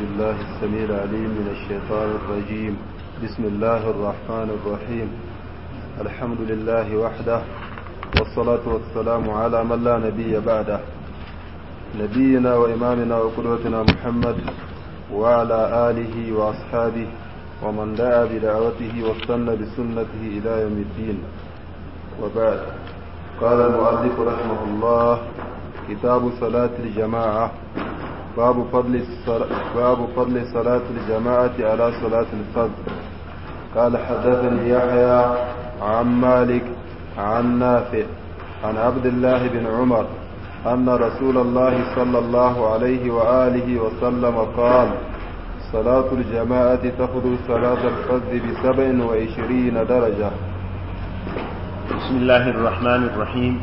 بالله السميع العليم من الشيطان الرجيم بسم الله الرحمن الرحيم الحمد لله وحده والصلاة والسلام على من لا نبي بعده نبينا وإمامنا وقدوتنا محمد وعلى آله وأصحابه ومن دعا بدعوته واستنى بسنته إلى يوم الدين وبعد قال المؤلف رحمه الله كتاب صلاة الجماعة باب فضل باب فضل صلاة الجماعة على صلاة الفرد قال حدثني يحيى عن مالك عن نافع عن عبد الله بن عمر أن رسول الله صلى الله عليه وآله وسلم قال صلاة الجماعة تخذ صلاة الفرد بسبع وعشرين درجة بسم الله الرحمن الرحيم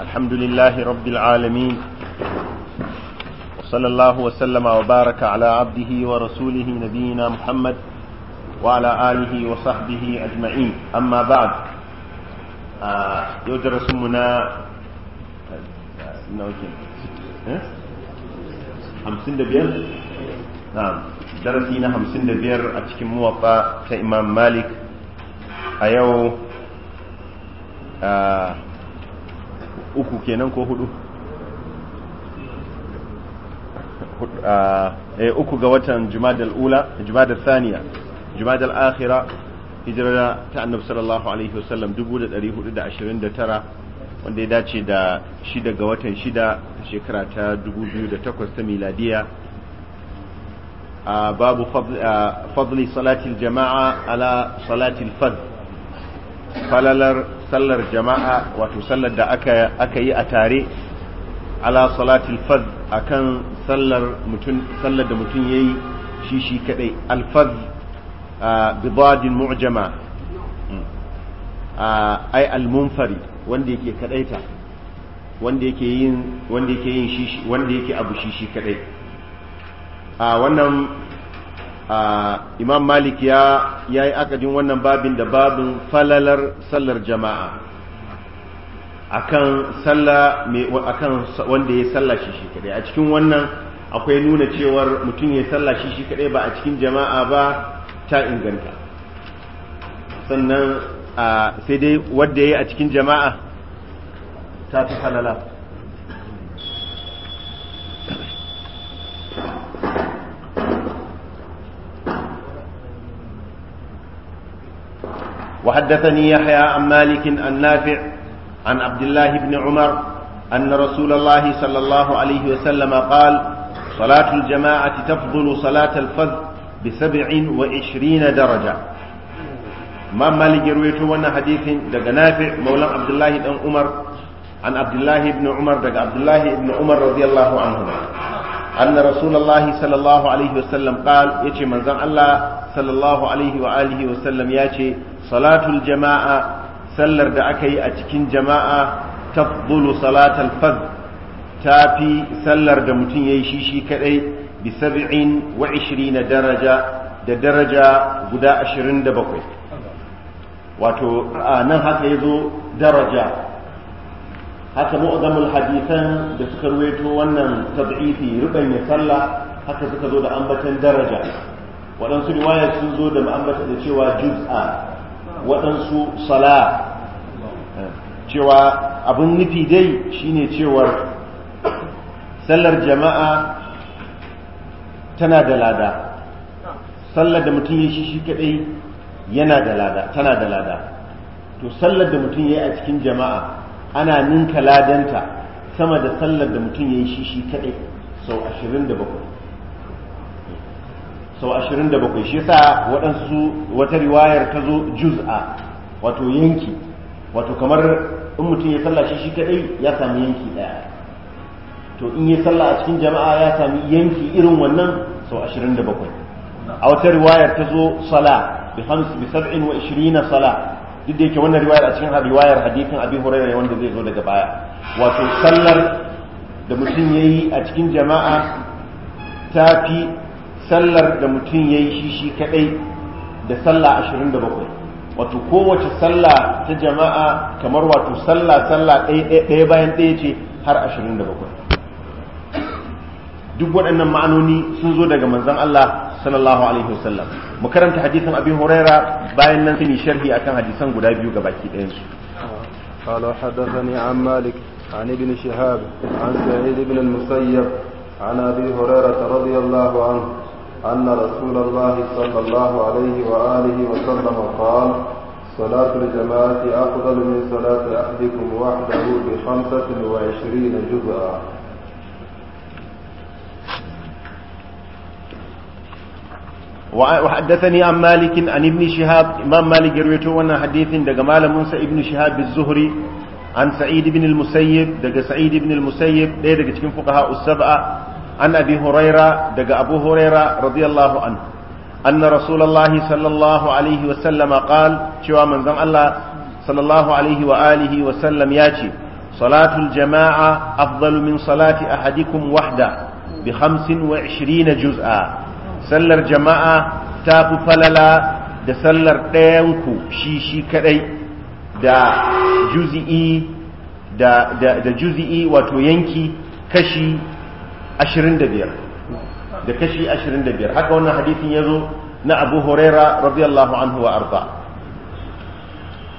الحمد لله رب العالمين وصلى الله وسلم وبارك على عبده ورسوله نبينا محمد وعلى آله وصحبه أجمعين أما بعد آه منا hamsin da biyar darasi na hamsin da biyar a cikin muwafa ta imam malik a yau uku kenan ko huɗu. Eh, uku ga watan jumadal ula jumadal thaniya jumadal akhira hijira ta annabi sallallahu alaihi wasallam 1429 wanda ya dace da shida ga watan shida shekara ta 2008 ta miladiya babu fadli salatil jama'a ala salatil fadl falalar sallar jama'a wato sallar da aka yi a tare ala salatil fadl akan sallar mutum sallar da mutum yi shi shi kadai alfaz bi dadin mu'jama mm. ai almunfari wanda yake kadaita wanda yake yin wanda yake yin wanda yake abu shi shi kadai a wannan imam malik ya yi akadin wannan babin da babin falalar sallar jama'a akan sallah mai akan wanda ya sallah shi shi kadai a cikin wannan akwai nuna cewar mutum ya sallah shi shi kadai ba a cikin jama'a ba ta inganta sannan sai dai wanda ya yi a cikin jama'a ta fi halala وحدثني يحيى عن مالك عن نافع عن عبد الله بن عمر أن رسول الله صلى الله عليه وسلم قال صلاة الجماعة تفضل صلاة الفذ بسبع وعشرين درجة ما مالك رويته وانا حديث دق نافع مولى عبد الله بن عمر عن عبد الله بن عمر دق عبد الله بن عمر رضي الله عنهما أن رسول الله صلى الله عليه وسلم قال يتي من الله صلى الله عليه وآله وسلم ياتي صلاة الجماعة sallar da aka yi a cikin jama'a tafdulu salatal fard ta fi sallar da mutum ya yi shi shi kadai bi sab'in wa na daraja da daraja guda ashirin da bakwai wato nan haka ya zo daraja haka mu'azamul hadisan da suka ruweto wannan tab'ifi ya sallah haka suka zo da ambatan daraja waɗansu riwayar sun zo da ambata da cewa juz'a waɗansu sala cewa abin nufi dai shine cewar sallar jama'a tana da lada sallar da mutum ya shi shi kadai yana da lada tana da lada to sallar da mutum ya yi a cikin jama'a ana ninka ladanta sama da sallar da mutum ya yi shi shi kadai sau ashirin da bakwai sau 27 shi yasa waɗansu wata riwayar ta zo juz'a wato yanki wato kamar in mutum ya sallah shi shi kadai ya sami yanki daya to in ya sallah a cikin jama'a ya sami yanki irin wannan sau 27 a wata riwayar ta zo sala bi 27 sala duk da yake wannan riwayar a cikin riwayar hadithin abin hurairah wanda zai zo daga baya wato sallar da mutum ya yi a cikin jama'a ta fi sallar da mutum ya yi shi shi kadai da sallah ashirin da bakwai wato kowace sallah ta jama'a kamar wato sallah sallah ɗaya bayan ɗaya ce har ashirin da bakwai duk waɗannan ma'anoni sun zo daga manzon Allah sallallahu alaihi wasallam mu karanta hadisin abin Huraira bayan nan sai sharhi akan hadisan guda biyu baki ɗayan su قال حدثني عن مالك عن ابن شهاب عن سعيد بن المسيب عن ابي هريره رضي الله عنه أن رسول الله صلى الله عليه وآله وسلم قال صلاة الجماعة أفضل من صلاة أحدكم وحده بخمسة وعشرين جزءا وحدثني عن مالك عن ابن شهاب امام مالك رويته وانا حديث دغ موسى ابن شهاب الزهري عن سعيد بن المسيب دغ سعيد بن المسيب ده دغ فقهاء السبعه an abi huraira daga abu huraira radiyallahu anhu anna rasulullahi sallallahu alaihi wa sallama qal cewa manzon Allah sallallahu alaihi wa sallam ya ce salatul jama'a afdalu min salati ahadikum wahda bi 25 juz'a sallar jama'a ta fi falala da sallar ɗayanku shi shi kadai da juzi'i da juzi'i wato yanki kashi 25 da kashi 25 haka wannan hadisin ya zo na abu huraira radiyallahu anhu wa arda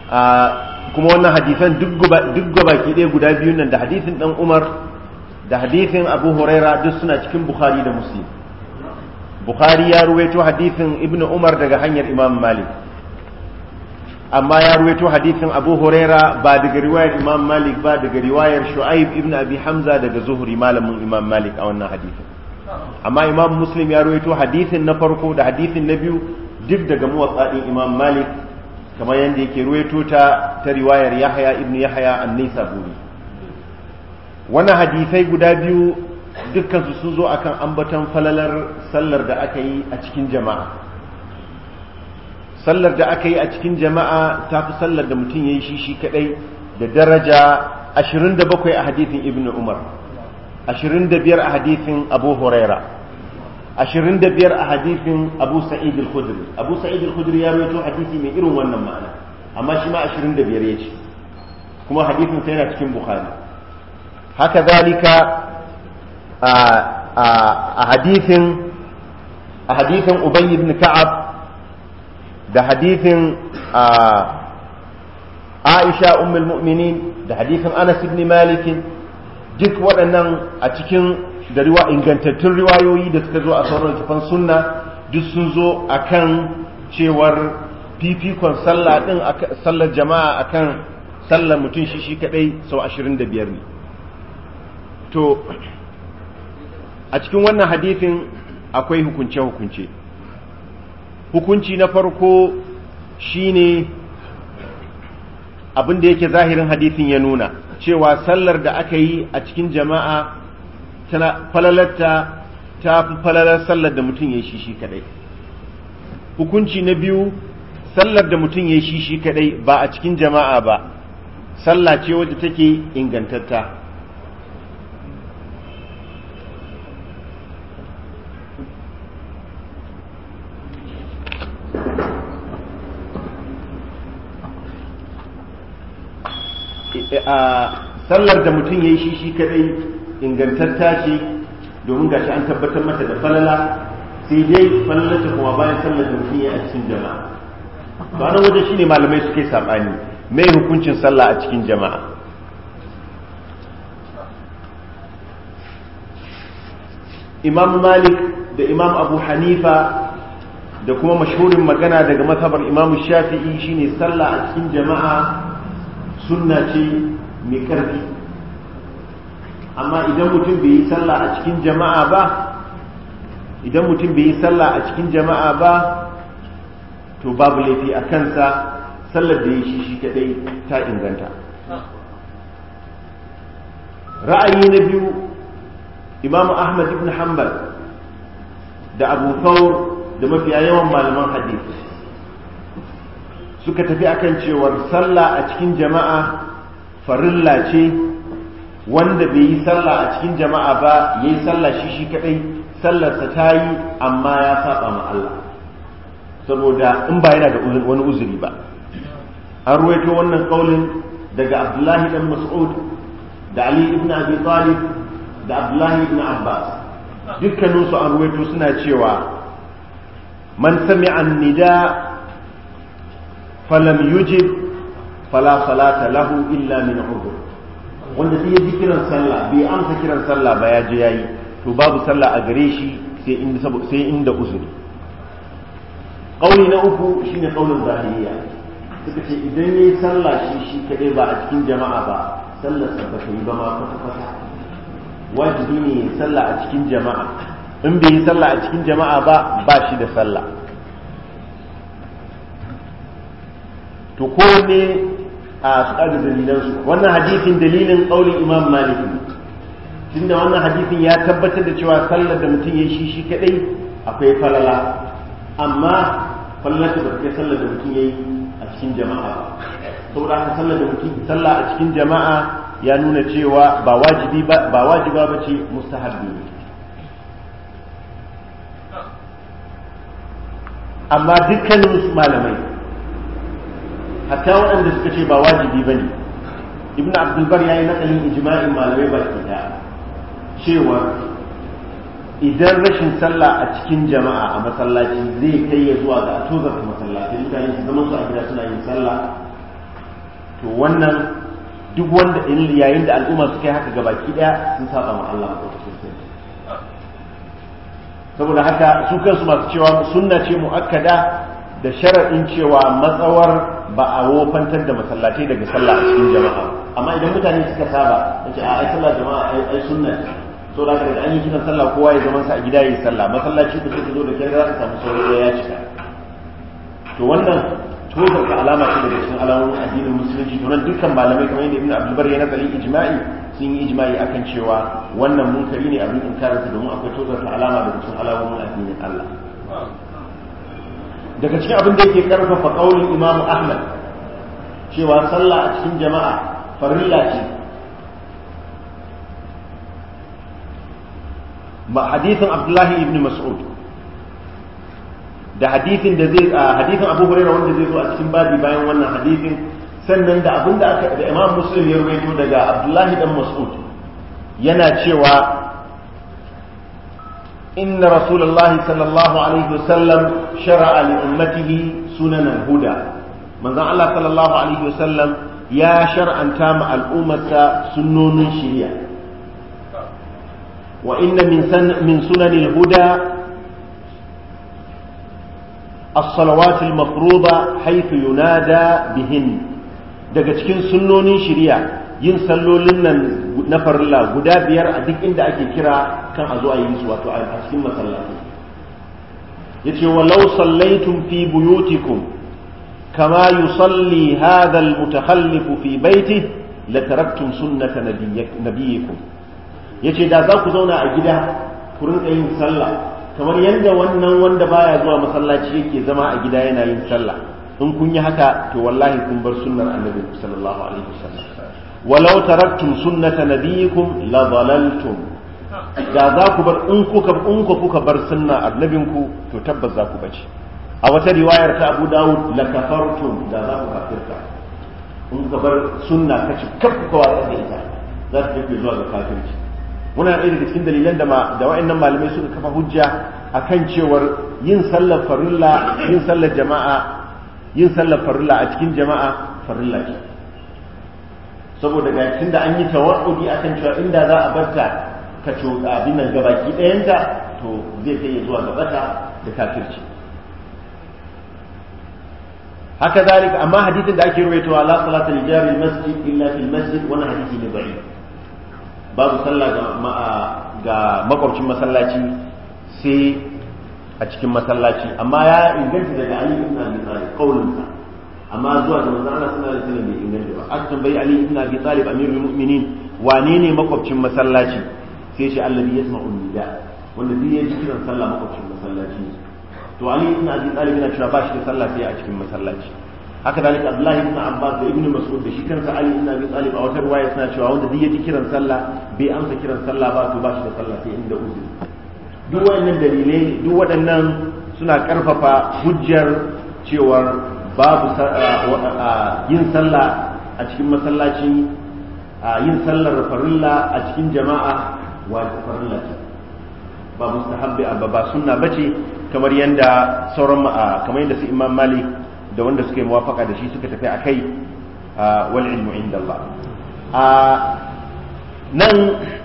ah, kuma wannan hadisan duk ke ɗaya guda biyu nan da hadisin ɗan umar da hadisin abu huraira duk suna cikin bukhari da muslim bukhari ya ruwaito hadisin Ibn umar daga hanyar imam malik amma ya ruwaito hadisin abu huraira ba daga riwayar imam malik ba daga riwayar shu'aib ibn abi hamza daga zuhri malamin imam malik a wannan hadisin amma imam muslim ya ruwaito hadisin na farko da hadisin na biyu duk daga muwatsadin imam malik kamar yadda yake ruwaito ta ta riwayar yahaya ibn yahaya annaisa buri wannan hadisai guda biyu dukkan su sun zo akan ambaton falalar sallar da aka yi a cikin jama'a sallar da aka yi a cikin jama'a ta fi sallar da mutum ya yi shi shi kadai da daraja 27 a hadithin ibn umar 25 a hadithin abu huraira 25 a hadithin abu sa'id al-khudri abu sa'id al-khudri ya rawaito hadisi mai irin wannan ma'ana amma shi ma 25 ya ce kuma hadithin sai yana cikin bukhari haka zalika a hadithin a hadithin ubay ibn ka'ab da hadithin Aisha ummul mu'minin da hadithin Anas ibn Malik duk waɗannan a cikin da ingantattun riwayoyi da suka zo a sauran tafan sunna duk sun zo akan cewar fifikon sallah din sallar jama'a akan sallar mutum shi shi kadai sau 25 ne to a cikin wannan hadithin akwai hukunce-hukunce hukunci na farko shine abin da yake zahirin hadisin ya nuna cewa sallar da aka yi a cikin jama'a tana falalarta ta fi falalar sallar da mutum ya shi shi kadai hukunci na biyu sallar da mutum ya shi shi kadai ba a cikin jama'a ba sallah ce wadda take ingantatta sallar da mutum ya yi shi shi kadai ingantatta ce domin gashi an tabbatar mata da falala sai dai falala ta kuma bayan sallar da mutum ya a cikin jama'a ba nan wajen shine malamai suke sabani mai hukuncin sallah a cikin jama'a imam malik da imam abu hanifa da kuma mashhurin magana daga mazhabar imam shafi'i shine sallah a cikin jama'a sunna ce mai ƙarfi amma idan mutum bai yi sallah a cikin jama'a ba idan mutum bai yi sallah a cikin jama'a ba to babu laifi a kansa sallar da ya shi shi kadai ta inganta ra'ayi na biyu imamu ahmad ibn hanbal da abu da mafiya yawan malaman hadisi suka tafi akan cewar sallah a cikin jama'a farilla ce wanda bai yi sallah a cikin jama'a ba ya yi sallah shi shi kadai sallarsa ta yi amma ya saba ma Allah saboda in ba yana da wani uzuri ba an ruwaito wannan kaulin daga abdullahi dan mas'ud da ali ibn abi talib da abdullahi ibn abbas dukkaninsu an ruwaito suna cewa man sami'a an-nida falam yujib fala salata lahu illa min udur wanda sai ya ji kiran sallah bai amsa kiran sallah ba ya je yayi to babu sallah a gare shi sai inda sai inda uzuri kauli na uku shine kaulin zahiriya suka ce idan yayi sallah shi shi kadai ba a cikin jama'a ba sallar sa ba yi ba ma kwata kwata wajibi ne sallah a cikin jama'a in bai yi sallah a cikin jama'a ba ba shi da sallah to ne a tsari dalilansu wannan hadithin dalilin ƙaunin imam malik ne tunda wannan hadithin ya tabbatar da cewa sallar da mutum ya shi shi kaɗai akwai falala amma falala ta kai sallar da mutum ya yi a cikin jama'a saboda haka sallar da mutum sallah a cikin jama'a ya nuna cewa ba wajibi ba ba wajiba ba ce mustahabbi amma dukkanin malamai hatta waɗanda suka ce ba wajibi ba ne ibn abdulbar ya yi nakalin ijma'in malamai su cewa idan rashin sallah a cikin jama'a a masallaci zai kai ya zuwa ga tozarta masallaci mutane su zama su a gida suna yin sallah to wannan duk wanda yayin da al'umma suka yi haka gabaki ɗaya sun saba ma Allah ko saboda haka su kansu masu cewa sunna ce mu'akkada da sharaɗin cewa matsawar ba a wofantar da masallatai daga sallah a cikin jama'a amma idan mutane suka saba ce a ai sallah jama'a ai ai sunna to da kai an yi kiran sallah kowa ya zama sa a gida yayin sallah masallaci ku zo da kyar za ka samu sauri ya cika to wannan tozar ka alama ce daga cikin alamomin addinin musulunci to nan dukkan malamai kamar yadda ibnu abdulbar ya nazari ijma'i sun yi ijma'i akan cewa wannan munkari ne abin inkarinsa domin akwai tozar ka alama daga cikin alamomin addinin Allah daga cikin abin da yake karfafa kaulin imamu ahmad cewa sallah a cikin jama'a farilla ce ma hadithin abdullahi ibn mas'ud da hadithin da zai a hadithin abu hurairah wanda zai zo a cikin babi bayan wannan hadithin sannan da abin da aka da imam muslim ya rawaito daga abdullahi dan mas'ud yana cewa إن رسول الله صلى الله عليه وسلم شرع لأمته سنن الهدى من ذا الله صلى الله عليه وسلم يا شرعا تام الأمة سنون شريعة وإن من, سن من سنن الهدى الصلوات المفروضة حيث ينادى بهن daga cikin sunnonin shari'a yin sallolin nan na farilla guda biyar a duk inda ake kira kan a zo a yi musu wato a cikin masallaci yace walau sallaitum fi buyutikum kama yusalli hadha almutakhallifu fi baitihi lataraktum sunnata nabiyikum yace da za ku zauna a gida ku rinka yin sallah kamar yadda wannan wanda baya zuwa masallaci yake zama a gida yana yin sallah in kun yi haka to wallahi kun bar sunnar annabi sallallahu alaihi wasallam walau taraktum sunnata nabiyikum la zalaltum da za ku bar in kuka in kuka bar sunna annabinku to tabbas za ku bace a wata riwayar ta Abu Dawud la kafartum da za ku kafirta in kuka bar sunna kace kaf kuka wa da ita za ta tafi zuwa ga kafirci muna ɗaya daga cikin dalilan da da wa'annan malamai suka kafa hujja akan cewar yin sallar farilla yin sallar jama'a yin sallar farilla a cikin jama'a farilla ce saboda ga da an yi a akan cewa inda za a barta ka to abin nan gabaki ɗayanta to zai kai zuwa ga bata da kafirci haka zalika amma hadisin da ake ruwaitowa la salata li jari masjid illa fil masjid wannan hadisi ne bari. babu sallah ga ga makwabcin masallaci sai a cikin masallaci amma ya inganta daga Ali ibn Abi Talib amma zuwa da manzon Allah sallallahu alaihi wasallam bai inganta ba an tambayi Ali ibn Abi Talib amirul mu'minin wane ne makwabcin masallaci sai shi alladhi yasma'u nida wanda duk ya ji kiran sallah makwabcin masallaci to Ali ibn Abi Talib yana cewa ba shi da sallah sai a cikin masallaci haka da dalika Abdullahi ibn Abbas da ibn Mas'ud da shi kansa Ali ibn Abi Talib a wata riwaya suna cewa wanda duk ya kiran sallah bai amsa kiran sallah ba to ba shi da sallah sai inda uzuri duk waɗannan dalilai duk waɗannan suna ƙarfafa hujjar cewar babu yin sallah a cikin masallaci yin sallar farilla a cikin jama'a wajen farilla ce ba mustahabbi abba ba sunna bace kamar yanda sauran kamar yanda su imam malik da wanda suka yi muwafaka da shi suka tafi a kai wal ilmu inda Allah nan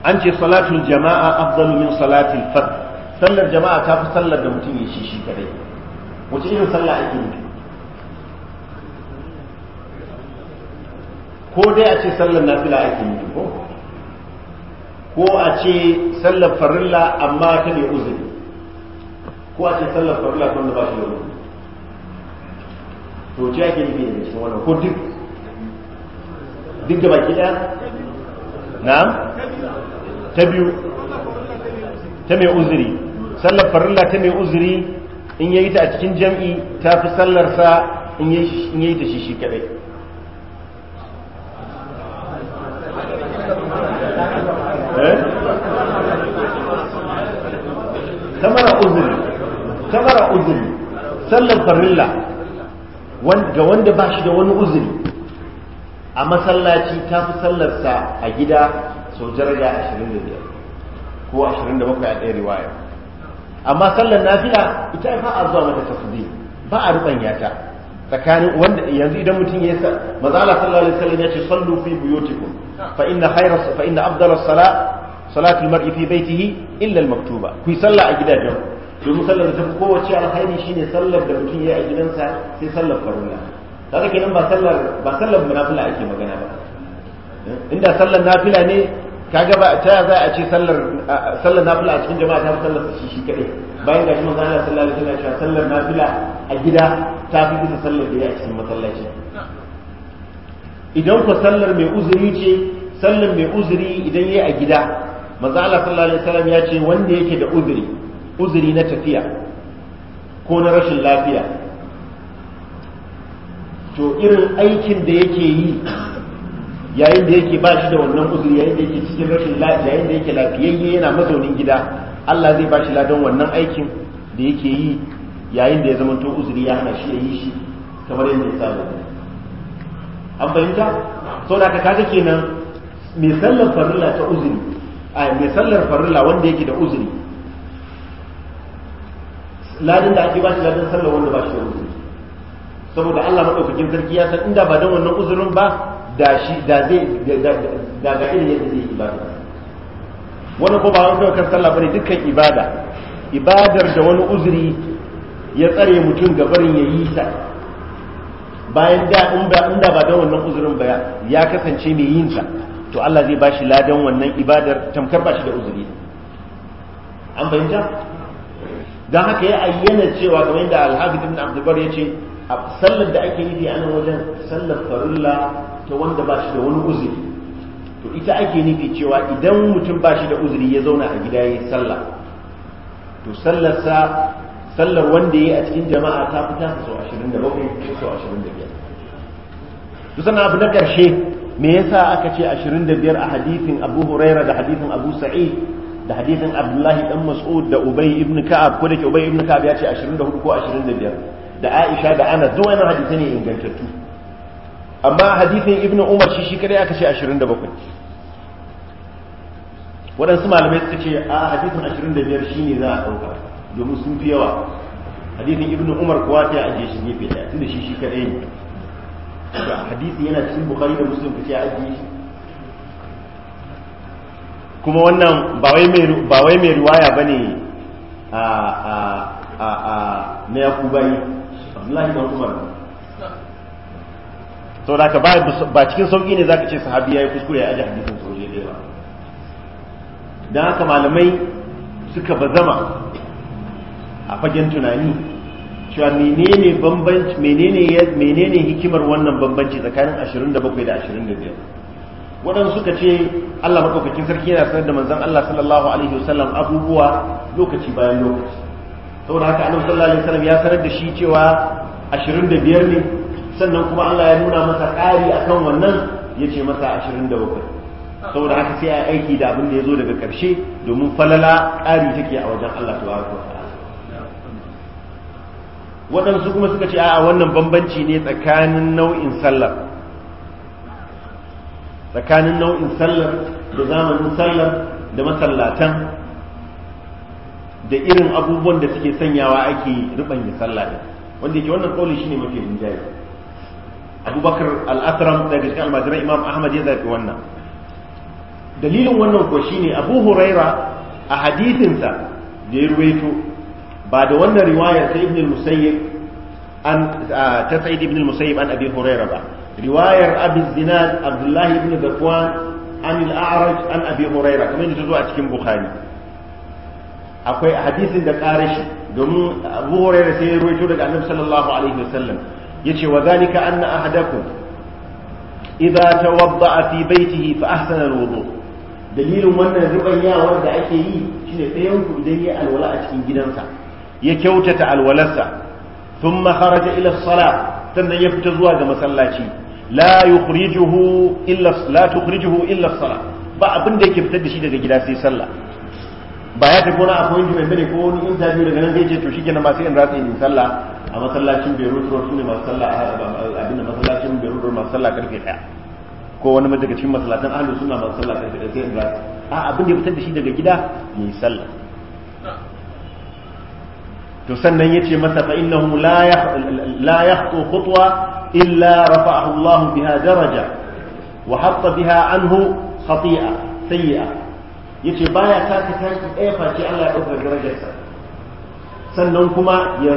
an ce salatul jama'a afdalu min salatil fard sallar jama'a ta fi sallar da mutum ya shi shi kadai wace irin sallah ake yi ko dai a ce sallar nafila ake yi ko ko a ce sallar farilla amma ta ne uzuri ko a ce sallar farilla ta wanda ba shi da uzuri to ce ake nufi da cikin wannan ko duk duk da baki ɗaya na ta biyu ta mai uzuri sallar farilla ta mai uzuri in yayi ta a cikin jam'i ta fi sallarsa in yayi ta shi shi kadai kamara uzuri sallar farilla ga wanda ba shi da wani uzuri a masallaci ta fi sallarsa a gida sau daraja 25 ko 27 a ɗaya riwaya amma sallar nafila ita fa a zuwa mata tafsiri ba a rubanya ta tsakanin wanda yanzu idan mutum ya mazala sallar alaihi ya ce sallu fi buyutikum fa inna khayra fa inna afdala salat salatul mar'i fi ta illa al maktuba ku sallah a gidajen domin sallar da tafi kowace alkhairi shine sallar da mutum ya a gidansa sai sallar farilla kaga kenan ba sallar ba sallar munafila ake magana ba inda sallar nafila ne kaga ba ta za a ce sallar sallar nafila a cikin jama'a ta fi sallar shi shi kadai bayan ga shi manzo Allah sallallahu alaihi wasallam ya sallar nafila a gida ta fi bisa sallar da ya a cikin masallaci idan ku sallar mai uzuri ce sallar mai uzuri idan yayi a gida manzo Allah sallallahu alaihi wasallam ya ce wanda yake da uzuri uzuri na tafiya ko na rashin lafiya to irin aikin da yake yi yayin da yake ba shi da wannan uzuri yayin da yake cikin rashin lafiya yayin da yake lafiyayye yana mazaunin gida Allah zai ba shi ladan wannan aikin da yake yi yayin da ya zama to uzuri ya hana shi ya yi shi kamar yadda ya saba an fahimta sau da kaga kenan mai sallar farilla ta uzuri a mai sallar farilla wanda yake da uzuri ladin da ake ba shi ladin sallar wanda ba shi da uzuri saboda Allah ɗaukakin sarki ya san inda ba dan wannan uzurin ba da shi da zai da ga irin yadda zai ibada wani ko ba wanda kan sallah bane dukkan ibada ibadar da wani uzuri ya tsare mutum ga barin ya yi ta bayan da inda ba dan wannan uzurin ba ya kasance mai yin ta to Allah zai bashi ladan wannan ibadar tamkar ba shi da uzuri an fahimta don haka ya ayyana cewa kamar yadda alhaji ibn abdubar ya ce a sallar da ake nufi ana wajen sallar farilla ta wanda ba shi da wani uzuri to ita ake nufi cewa idan mutum ba shi da uzuri ya zauna a gida ya yi sallah to sallarsa sallar wanda ya yi a cikin jama'a ta fi tasa sau ashirin da bakwai sau ashirin da biyar to abu na ƙarshe me yasa aka ce ashirin da biyar a hadithin abu huraira da hadithin abu sa'id da hadisin abdullahi dan mas'ud da ubay ibn ka'ab ko da ke ubay ibn ka'ab ya ce 24 ko 25 da aisha da ana duk wannan hadisi ne ingantattu amma hadisin ibn umar shi shi kadai aka ce 27 waɗansu malamai suka ce a hadisin 25 shine za a ɗauka domin sun fi yawa hadisin ibn umar kuwa sai a je tunda shi shi kadai ne hadisi yana cikin bukhari da muslim kace a ajiye shi kuma wannan ba wai mai riwaya ba ne na ya kubayi abdullahi ɗan umar sau da ba cikin sauƙi ne za ka ce sahabi ya yi kuskure ya aji hadisin soje ɗaya ba don haka malamai suka bazama a fagen tunani cewa menene bambanci menene hikimar wannan bambanci tsakanin 27 da 25 waɗansu suka ce Allah maɗaukakin sarki yana sanar da manzan Allah sallallahu alaihi wasallam abubuwa lokaci bayan lokaci saboda haka annabi sallallahu alaihi wasallam ya sanar da shi cewa 25 ne sannan kuma Allah ya nuna masa ƙari a kan wannan ya ce masa 27 saboda haka sai a aiki da abin da ya zo daga ƙarshe domin falala ƙari take a wajen Allah ta wa waɗansu kuma suka ce a'a wannan bambanci ne tsakanin nau'in sallah tsakanin nau'in sallar da zamanin sallar da masallatan da irin abubuwan da suke sanyawa ake rubanya sallah din wanda yake wannan kauli shine mafi rinjaye abubakar al-asram daga cikin almajiran imam ahmad ya zafi wannan dalilin wannan ko shine abu huraira a hadithinsa da ya ruwaito ba da wannan riwayar ta ibn al-musayyib an ta sa'id ibn al-musayyib an abi huraira ba riwayar abu zinad abdullahi ibn zakwan an al'araj an abi huraira kamar yadda ta zo a cikin bukhari akwai hadisin da karashi domin abu huraira sai ya ruwaito daga annabi sallallahu alaihi wasallam yace wa zalika anna ahadakum idza tawadda'a fi baytihi fa ahsana alwudu dalilin wannan rubayyawar da ake yi shine ɗayan ku idan ya alwala a cikin gidansa ya kyautata alwalarsa thumma kharaja ila as-salah sannan ya fita zuwa ga masallaci la yukhrijuhu illa la tukhrijuhu illa sala ba abin da yake fitar da shi daga gida sai sallah ba ya tafi wani appointment bane ko wani interview daga nan zai ce to shikenan ma sai in ratsa yin sallah a masallacin Beirut Road sune masu sallah a abin da masallacin Beirut Road masu sallah karfe daya ko wani daga cikin masallatan ahlus sunna masu sallah karfe daya sai in ratsa a abin da ya fitar da shi daga gida yayi sallah to sannan yace masa fa innahu la la yahtu khutwa illa rafa'ahu Allah biha daraja wa hatta biha anhu khati'a sayyi'a yace baya taka tashi ɗaya face Allah ya ɗaukar darajarsa sannan kuma ya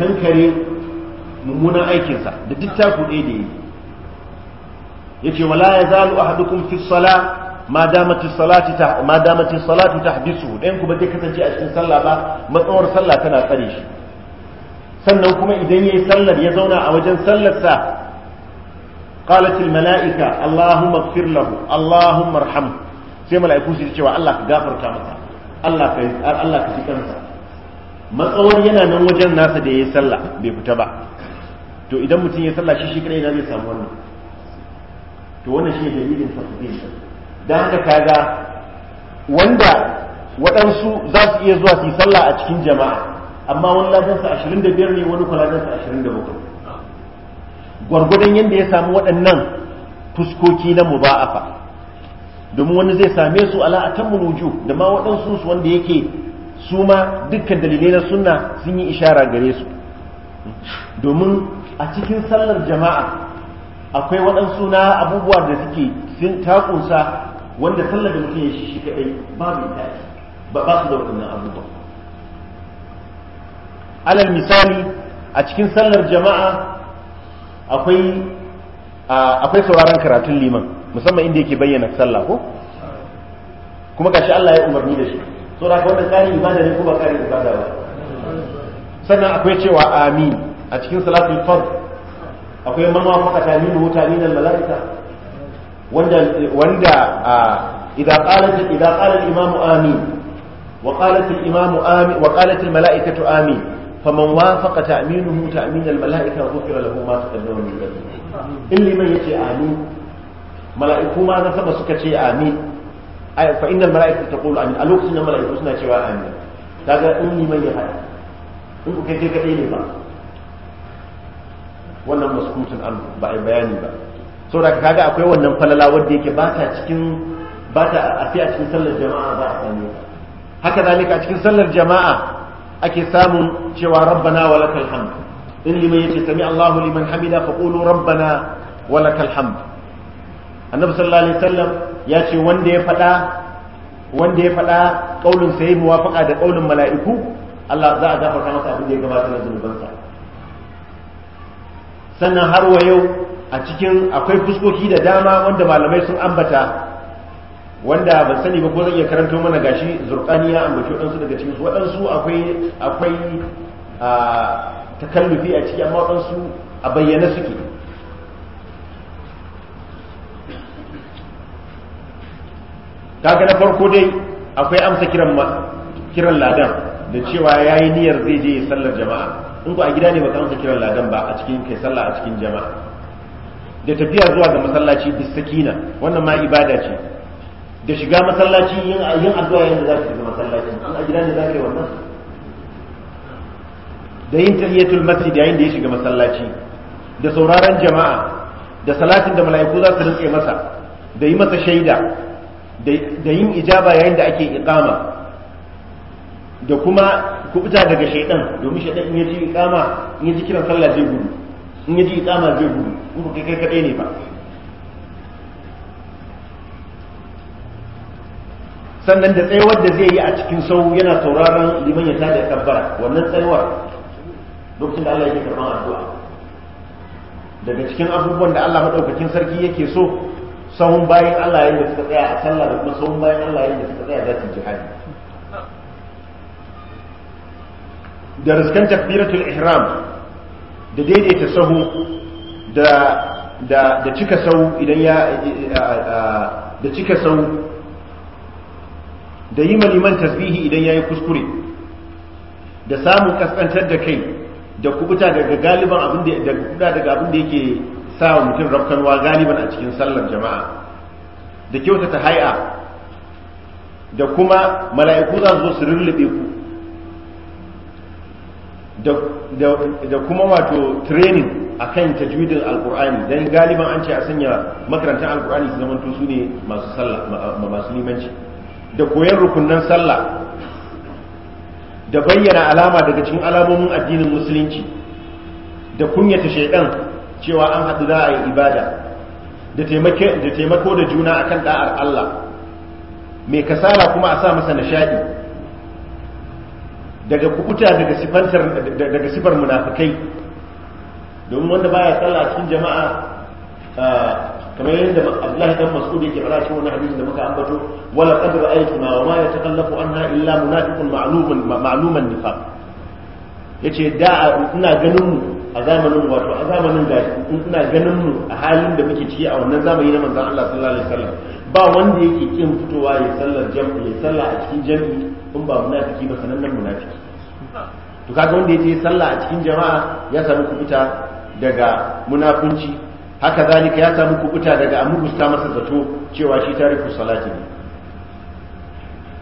kankare mummunan aikinsa da duk taku ɗaya da yi yace wala yazalu ahadukum fi salah ma damati salatu ta hadisu damati salatu kuma zai kasance a cikin sallah ba matsawar sallah tana tsare shi sannan kuma idan yayi sallar ya zauna a wajen sallarsa قالت الملائكة اللهم اغفر له اللهم ارحمه sai mala'iku su cewa Allah ka gafarta masa Allah ka Allah ka kansa matsawar yana nan wajen nasa da yayi sallah bai fita ba to idan mutum ya sallah shi shi kadai zai samu wannan to wannan don haka kaga wanda waɗansu za su iya zuwa su yi sallah a cikin jama'a amma wani ladansa ashirin da biyar ne wani kwa ashirin da bakwai gwargwadon yadda ya samu waɗannan fuskoki na muba'afa domin wani zai same su ala a wuju da ma waɗansu su wanda yake su ma dukkan dalilai na sunna sun yi ishara gare su domin a cikin sallar jama'a akwai waɗansu na abubuwa da suke sun takunsa wanda sallar da mutum ya shi shi kadai babu ita ba ba su da wannan abubuwa alal misali a cikin sallar jama'a akwai akwai sauraron karatun liman musamman inda yake bayyana sallah ko kuma gashi Allah ya umarni da shi sau da ka wanda tsarin ibada ne ko ba tsarin ibada ba sannan akwai cewa amin a cikin salatul fard akwai man wafaka ta min huta min malaika wanda wanda idza qalat idza qala al-imam amin wa qalat al-imam amin wa qalat al-mala'ikatu amin faman wafaqa ta'minuhu ta'min al-mala'ika ghufira lahu ma taqaddama min dhanbi illi man yace amin mala'iku ma na sama suka ce amin fa innal mala'ikata taqulu amin a lokacin da mala'iku suna cewa amin kaga in liman ya faɗa in ku kai kai ne ba wannan maskutun an ba a bayani ba saboda kaga akwai wannan falala wanda yake ba ta cikin ba ta a cikin sallar jama'a ba a same haka zalika a cikin sallar jama'a ake samun cewa rabbana wa lakal hamd in liman yace sami Allahu liman hamida fa qulu rabbana wa lakal hamd annabi sallallahu alaihi wasallam ya ce wanda ya fada wanda ya fada kaulin sai muwafaqa da kaulin mala'iku Allah za a gafarta masa abin da ya gabata na zunubansa sannan har wa yau a cikin akwai fuskoki da dama wanda malamai sun ambata wanda ban sani ba ko zan iya karanto mana gashi zurkaniya, ya ambaci waɗansu daga cikin waɗansu akwai akwai takallufi a ciki amma waɗansu a bayyana suke kaga na farko dai akwai amsa kiran kiran ladan da cewa yayi niyyar zai je sallar jama'a in ku a gida ne baka amsa kiran ladan ba a cikin kai sallah a cikin jama'a da tafiya zuwa ga masallaci sakina wannan ma ibada ce da shiga masallaci yin yin addu'a yayin da za ka shiga masallaci an a gidan ne za ka yi wannan da yin tahiyatul masjid yayin da ya shiga masallaci da sauraron jama'a da salatin da mala'iku za su rike masa da yi masa shaida da yin ijaba yayin da ake iqama da kuma kubuta daga shaidan domin shaidan in ya ji iqama in ya ji kiran sallah zai gudu in ya ji iqama zai gudu in ba kai kaɗai ne ba sannan da tsayawar da zai yi a cikin sau yana sauraron liman ya tada kabbara wannan tsayawar lokacin da Allah yake karɓar addu'a daga cikin abubuwan da Allah madaukakin sarki yake so sahun bayan Allah yayin da suka tsaya a sallah da kuma sahun bayan Allah yayin da suka tsaya za su jihadi da riskan takbiratul ihram da daidaita sahu da cika sau idan ya da cika sau da yi maliman tasbihi idan ya yi kuskure da samun kaskantar da kai da kubuta daga galiban abin da kubuta daga abin da yake sa wa mutum rafkanwa galiban a cikin sallar jama'a da kyautata hai'a da kuma mala'iku za su zo su rullube ku da kuma wato training a kan tajwidin alkur'ani don galiban an ce a sanya makarantar alkur'ani su zamantu su ne masu limanci da koyon rukunan sallah da bayyana alama daga cikin alamomin addinin musulunci da kunyata shaidan cewa an haɗu za a yi ibada da taimako da juna akan ɗa'ar Allah mai kasala kuma a sa masa nishaɗi daga kukuta daga sifantar daga sifar munafikai domin wanda baya sallah cikin jama'a kamar yadda Abdullahi dan Mas'ud yake fara cikin wannan hadisin da muka ambato wala qad ra'aytuna wa ma yatakallafu anha illa munafiqun ma'lumun ma'luman nifaq yace da ina ganin mu a zamanin wato a zamanin da ina ganin mu a halin da muke ciki a wannan zamani na manzon Allah sallallahu alaihi wasallam ba wanda yake kin fitowa ya sallar jam'i ya sallah a cikin jam'i. in ba munafiki ba sanannen munafiki to kaga wanda ya sallah a cikin jama'a ya samu kubuta daga munafunci haka zalika ya samu kubuta daga amugusta masa zato cewa shi tariku salati ne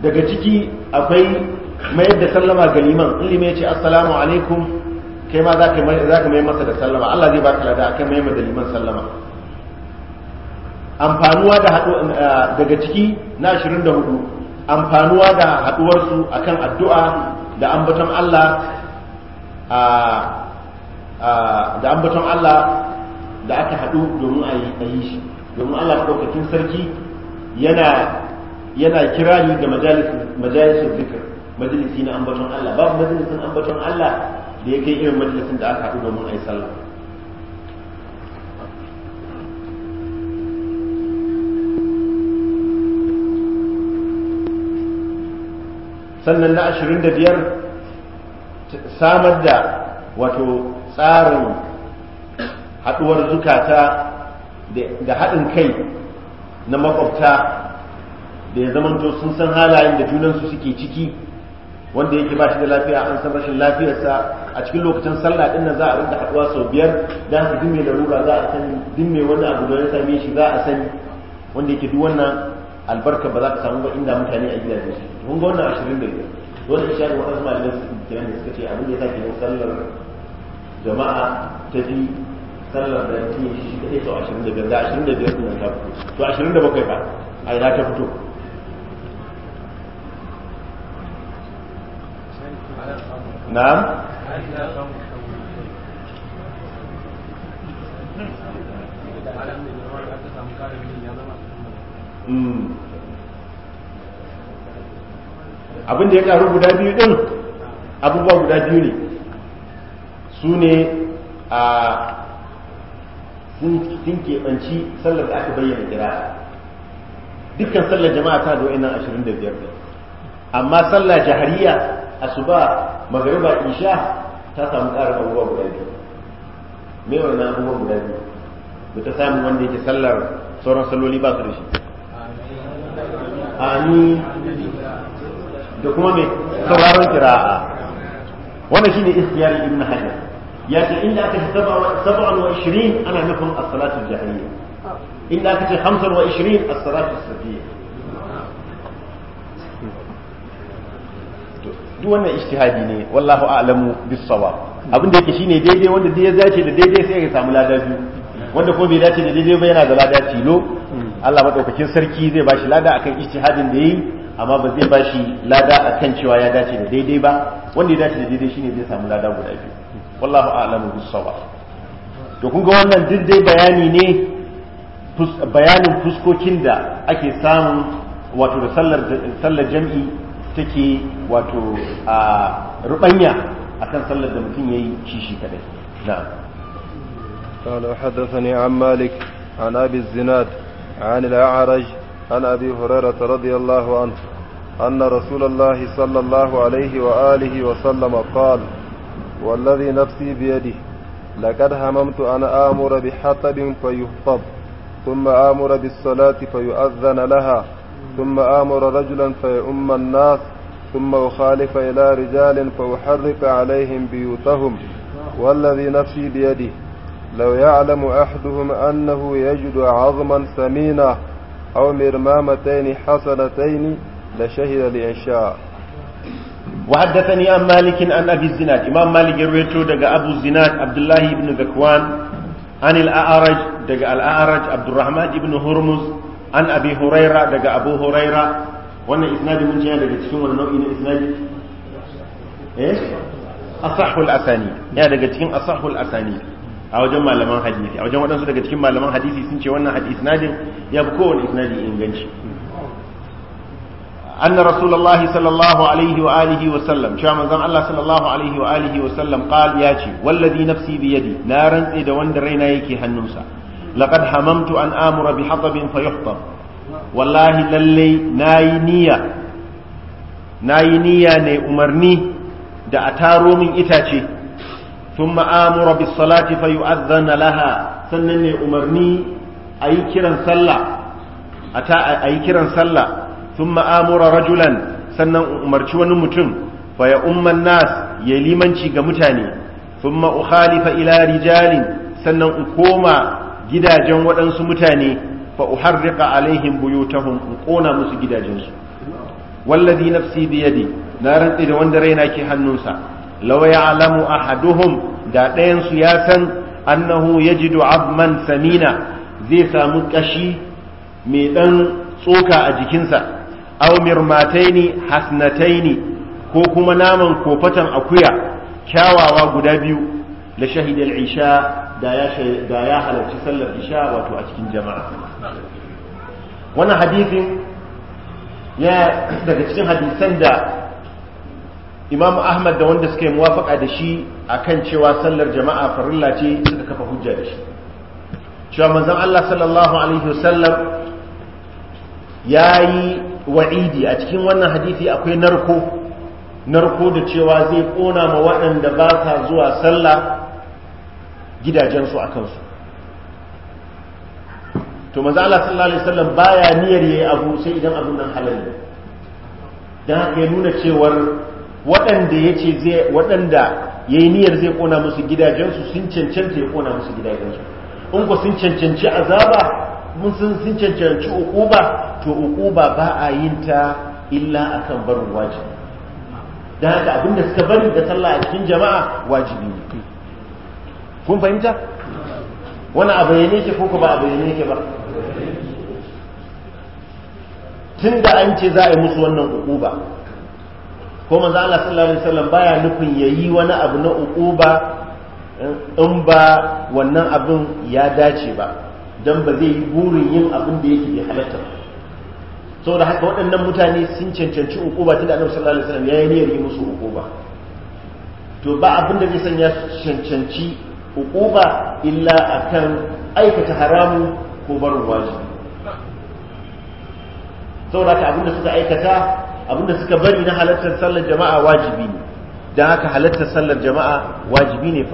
daga ciki akwai mayar da sallama ga liman in liman ya ce assalamu alaikum kai ma za ka mai masa da sallama Allah zai baka lada akan mai da liman sallama amfanuwa da eh, daga ciki na 24 amfanuwa da haɗuwarsu akan addu'a da ambaton Allah da ambaton Allah da aka haɗu domin a yi shi domin Allah ɗaukakin sarki yana yana kirani da majalisun zikir majalisi na ambaton Allah babu majalisin ambaton Allah da ya kai irin majalisin da aka haɗu domin a yi sallah sannan na ashirin da biyar samar da wato tsarin haɗuwar zukata da haɗin kai na makwabta da ya zamanto sun san halayen da junansu suke ciki wanda yake ba shi da lafiya an san rashin lafiyarsa a cikin lokacin sallah din nan za a rinka haɗuwa sau biyar dan su dimme da larura za a sani dimme wani abu da ya same shi za a sani wanda yake duk wannan albarka ba za ka samu ba inda mutane a gidaje su mun ga wannan ashirin da biyar dole isha da wasu malamai su kiran da suka ce abin da ya sa sallar jama'a ta bi sallar da ta yi shi kaɗai sau ashirin da biyar da ashirin da biyar suna ta fito to ashirin da bakwai fa a ina ta fito na'am Mm. abin da ya karu guda biyu din abubuwa guda biyu ne su ne a sun keɓanci sallar da aka bayyana kira dukkan sallar jama'a ta da wa'annan ashirin da biyar ne amma sallar jahariya asuba magariba isha ta samu ƙarin abubuwa guda biyu Mewar wannan abubuwa guda biyu ba ta samu wanda yake sallar sauran salloli ba su da shi amin da kuma mai sauraron kira'a wannan shine ikhtiyar ibn hajar ya ce inda aka ce 27 ana nufin as-salatu jahiliya inda aka ce 25 as-salatu safiya duk wannan ijtihadi ne wallahu a'lamu bis-sawab abin da yake shine daidai wanda dai ya dace da daidai sai ya samu lada biyu wanda ko bai dace da daidai ba yana da lada tilo Allah madaukakin sarki zai ba shi lada akan ijtihadin da yi amma ba zai ba shi lada akan cewa ya dace da daidai ba wanda ya dace da daidai shine zai samu lada guda biyu wallahu a'lamu bis to kun ga wannan duk bayani ne bayanin fuskokin da ake samu wato da sallar sallar jam'i take wato a rubanya akan sallar da mutum yayi shi shi kadai na'am قال حدثني عن مالك عن ابي الزناد عن الأعرج عن أبي هريرة رضي الله عنه أن رسول الله صلى الله عليه وآله وسلم قال والذي نفسي بيده لقد هممت أن آمر بحطب فيهطب ثم آمر بالصلاة فيؤذن لها ثم آمر رجلا فيؤم الناس ثم أخالف إلى رجال فأحرق عليهم بيوتهم والذي نفسي بيده لو يعلم أحدهم أنه يجد عظما ثمينا أو مرمامتين حسنتين لشهد لعشاء وحدثني عن مالك عن أبي الزناد إمام مالك رويته دقى أبو الزناد عبد الله بن ذكوان عن الأعرج دقى الأعرج عبد الرحمن بن هرمز عن أبي هريرة دقى أبو هريرة وانا إسناد من جهة دقى تشوم النوع إسناد إيش أصح الأسانيد يا دقى تشوم أصح الأسانيد a wajen malaman hadisi a wajen waɗansu daga cikin malaman hadisi sun ce wannan hadis nadin ya fi kowane isnadi inganci anna rasulullahi sallallahu alaihi wa alihi wa sallam cewa manzon Allah sallallahu alaihi wa alihi wa sallam qal ya ce wallazi nafsi bi yadi na rantse da wanda raina yake hannunsa laqad hamamtu an amura bi hatabin fa yuhtab wallahi lalle nayi niyya nayi niyya ne umarni da a taro min itace ثم آمر بالصلاة فيؤذن لها سنن أمرني أي كرا صلى أتى أي كرا صلى ثم آمر رجلا سنن أمرت ونمتم فيا أم الناس يلي منشي متاني ثم أخالف إلى رجال سنن أقوم جدا جنوة سمتاني فأحرق عليهم بيوتهم أقونا مس جدا جنس والذي نفسي بيدي نارن إذا وندرينا كي حنوسا law ya'lamu ahaduhum da ɗayan su ya san annahu yajidu abman samina zai samu ƙashi mai ɗan tsoka a jikinsa aw mirmataini hasnataini ko kuma naman kofatan akuya kyawawa guda biyu la shahida isha da ya halarci sallar isha wato a cikin jama'a wannan hadisin ya daga cikin hadisan da imamu ahmad da wanda suka yi muwafaka da shi a kan cewa sallar jama'a farilla ce suka kafa hujja da shi cewa manzon Allah sallallahu alaihi wasallam yi wa'idi a cikin wannan hadithi akwai narko narko da cewa zai kona ma waɗanda ba sa zuwa sallah gidajensu a kansu to manzon Allah sallallahu alaihi wasallam baya niyyar yayi abu sai idan abun nan halal ne dan haka ya nuna cewar waɗanda ya ce zai waɗanda ya yi niyyar zai ƙona musu gidajensu sun cancanta ya ƙona musu gidajensu in ku sun cancanci azaba mun sun sun cancanci uquba to uquba ba a yin ta illa akan barin wajibi dan haka abinda suka bari da sallah a cikin jama'a wajibi ne kun fahimta wani a bayyane ke ko ba a bayyane ke ba tunda an ce za a yi musu wannan uquba ko manzo Allah sallallahu alaihi wasallam baya nufin yayi wani abu na uquba eh, in ba wannan abin ya dace ba dan ba zai yi burin yin abin da yake bai halatta ba saboda haka waɗannan mutane sun cancanci uquba tunda Annabi sallallahu alaihi wasallam ya yi niyyar yi musu uquba to ba abin da zai sanya cancanci uquba illa akan aikata haramu ko barin wajibi saboda haka abin da suka aikata abinda suka bari na halartar sallar jama'a wajibi ne don haka halartar sallar jama'a wajibi ne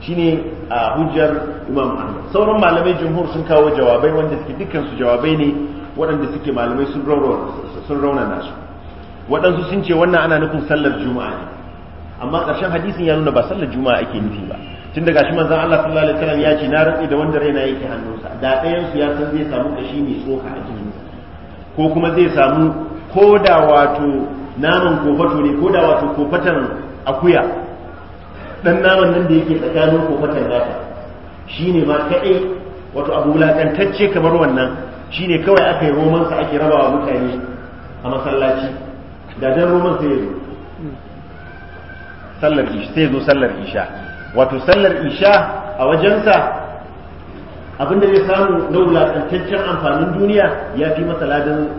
Shi ne a hujjar imam ahmad sauran malamai jumhur sun kawo jawabai wanda suke dukkan su jawabai ne waɗanda suke malamai sun rauna nasu waɗansu sun ce wannan ana nufin sallar juma'a ne amma ƙarshen hadisin ya nuna ba sallar juma'a ake nufi ba tun daga shi manzan Allah sallallahu alaihi wasallam ya ce na rantsi da wanda raina yake hannunsa da ɗayan su ya san zai samu ƙashi mai tsoka a jikinsa ko kuma zai samu ko da wato naman kofato ne ko da wato kofatan akuya dan naman nan da yake tsakanin kofatan nata shine ma kadai wato abu wulaƙantacce kamar wannan shine kawai aka yi romansa ake rabawa mutane a masallaci da dan roman sai zo sallar isha sai zo sallar isha wato sallar isha a wajensa abinda zai samu na wulakantaccen amfanin duniya ya fi masa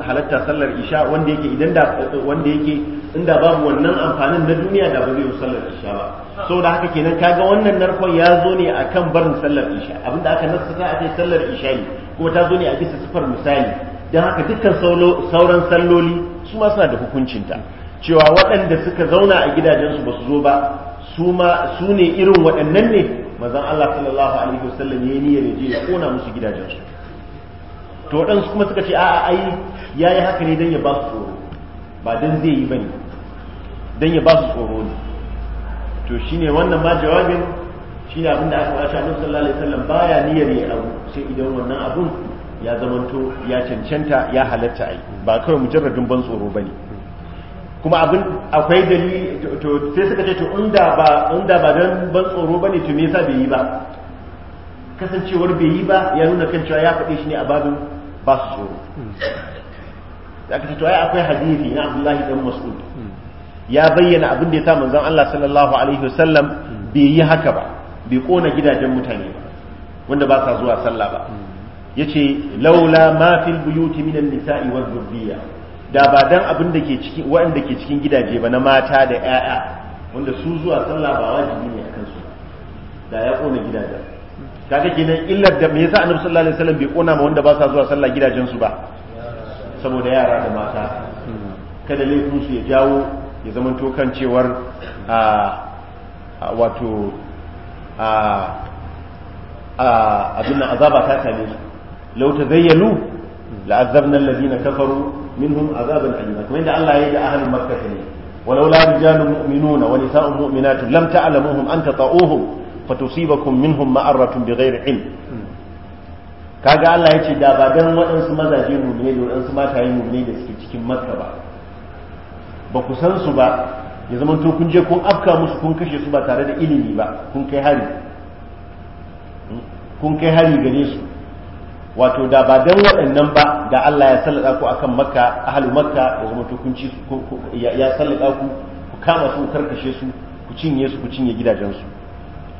halatta sallar isha wanda yake idan da wanda yake inda babu wannan amfanin na duniya da ba zai yi sallar isha ba saboda haka kenan kaga wannan narkon ya zo ne akan barin sallar isha abinda aka nassata a kai sallar isha ne kuma ta zo ne a bisa sifar misali dan haka dukkan sauran salloli su ma suna da hukuncinta cewa waɗanda suka zauna a gidajensu ba su zo ba su ma su ne irin waɗannan ne Mazan Allah sallallahu alaihi ya yayi niyyar ya je ya kona musu gidajensu to waɗansu kuma suka ce a'a ai yayi haka ne dan ya ba su tsoro ba dan zai yi bane dan ya ba su tsoro ne to shine wannan ma jawabin shine abinda aka ba shi Annabi sallallahu alaihi wasallam baya niyyar ya abu sai idan wannan abun ya zamanto ya cancanta ya halatta ai ba kawai mujarradin ban tsoro bane kuma abin akwai dalili to sai suka ce to inda ba inda ba dan ban tsoro bane to me yasa bai yi ba kasancewar bai yi ba ya nuna kan cewa ya faɗe shi ne a babin ba su tsoro aka ce to ai akwai hadisi na Abdullahi dan Mas'ud ya bayyana abin da ya sa manzon Allah sallallahu alaihi wasallam bai yi haka ba bai kona gidajen mutane ba wanda ba sa zuwa sallah ba yace laula ma fil buyuti minan nisa'i wal dhurriyyah da ba dan abin da ke cikin waɗanda ke cikin gidaje ba na mata da 'ya'ya wanda su zuwa sallah ba wajibi ne akan su da ya kona gidajen kaga kenan illar da me yasa annabi sallallahu alaihi wasallam bai kona ma wanda ba sa zuwa sallah gidajen su ba saboda yara da mata kada laifin su ya jawo ya zama to kan cewar a wato a a abin azaba ta same su zayyalu la azabna alladhina kafaru minhum azaban alima kamar yadda Allah ya yi da ahlul makka ne walaula rijalun mu'minuna wani nisa'un mu'minatun lam ta'lamuhum an tata'uhum fatusibakum minhum ma'arratun bighairi ilm kaga Allah ya ce da ba dan waɗansu mazaje mu'mine da waɗansu mataye mu'mine da suke cikin makka ba ba ku san su ba ya zama to kun je kun afka musu kun kashe su ba tare da ilimi ba kun kai hari hmm? kun su wato da ba dan waɗannan ba da Allah ya sallaka ku akan makka ahalu makka ya zama tukunci su ya sallaka ku ku kama su karkashe su ku cinye su ku cinye gidajen su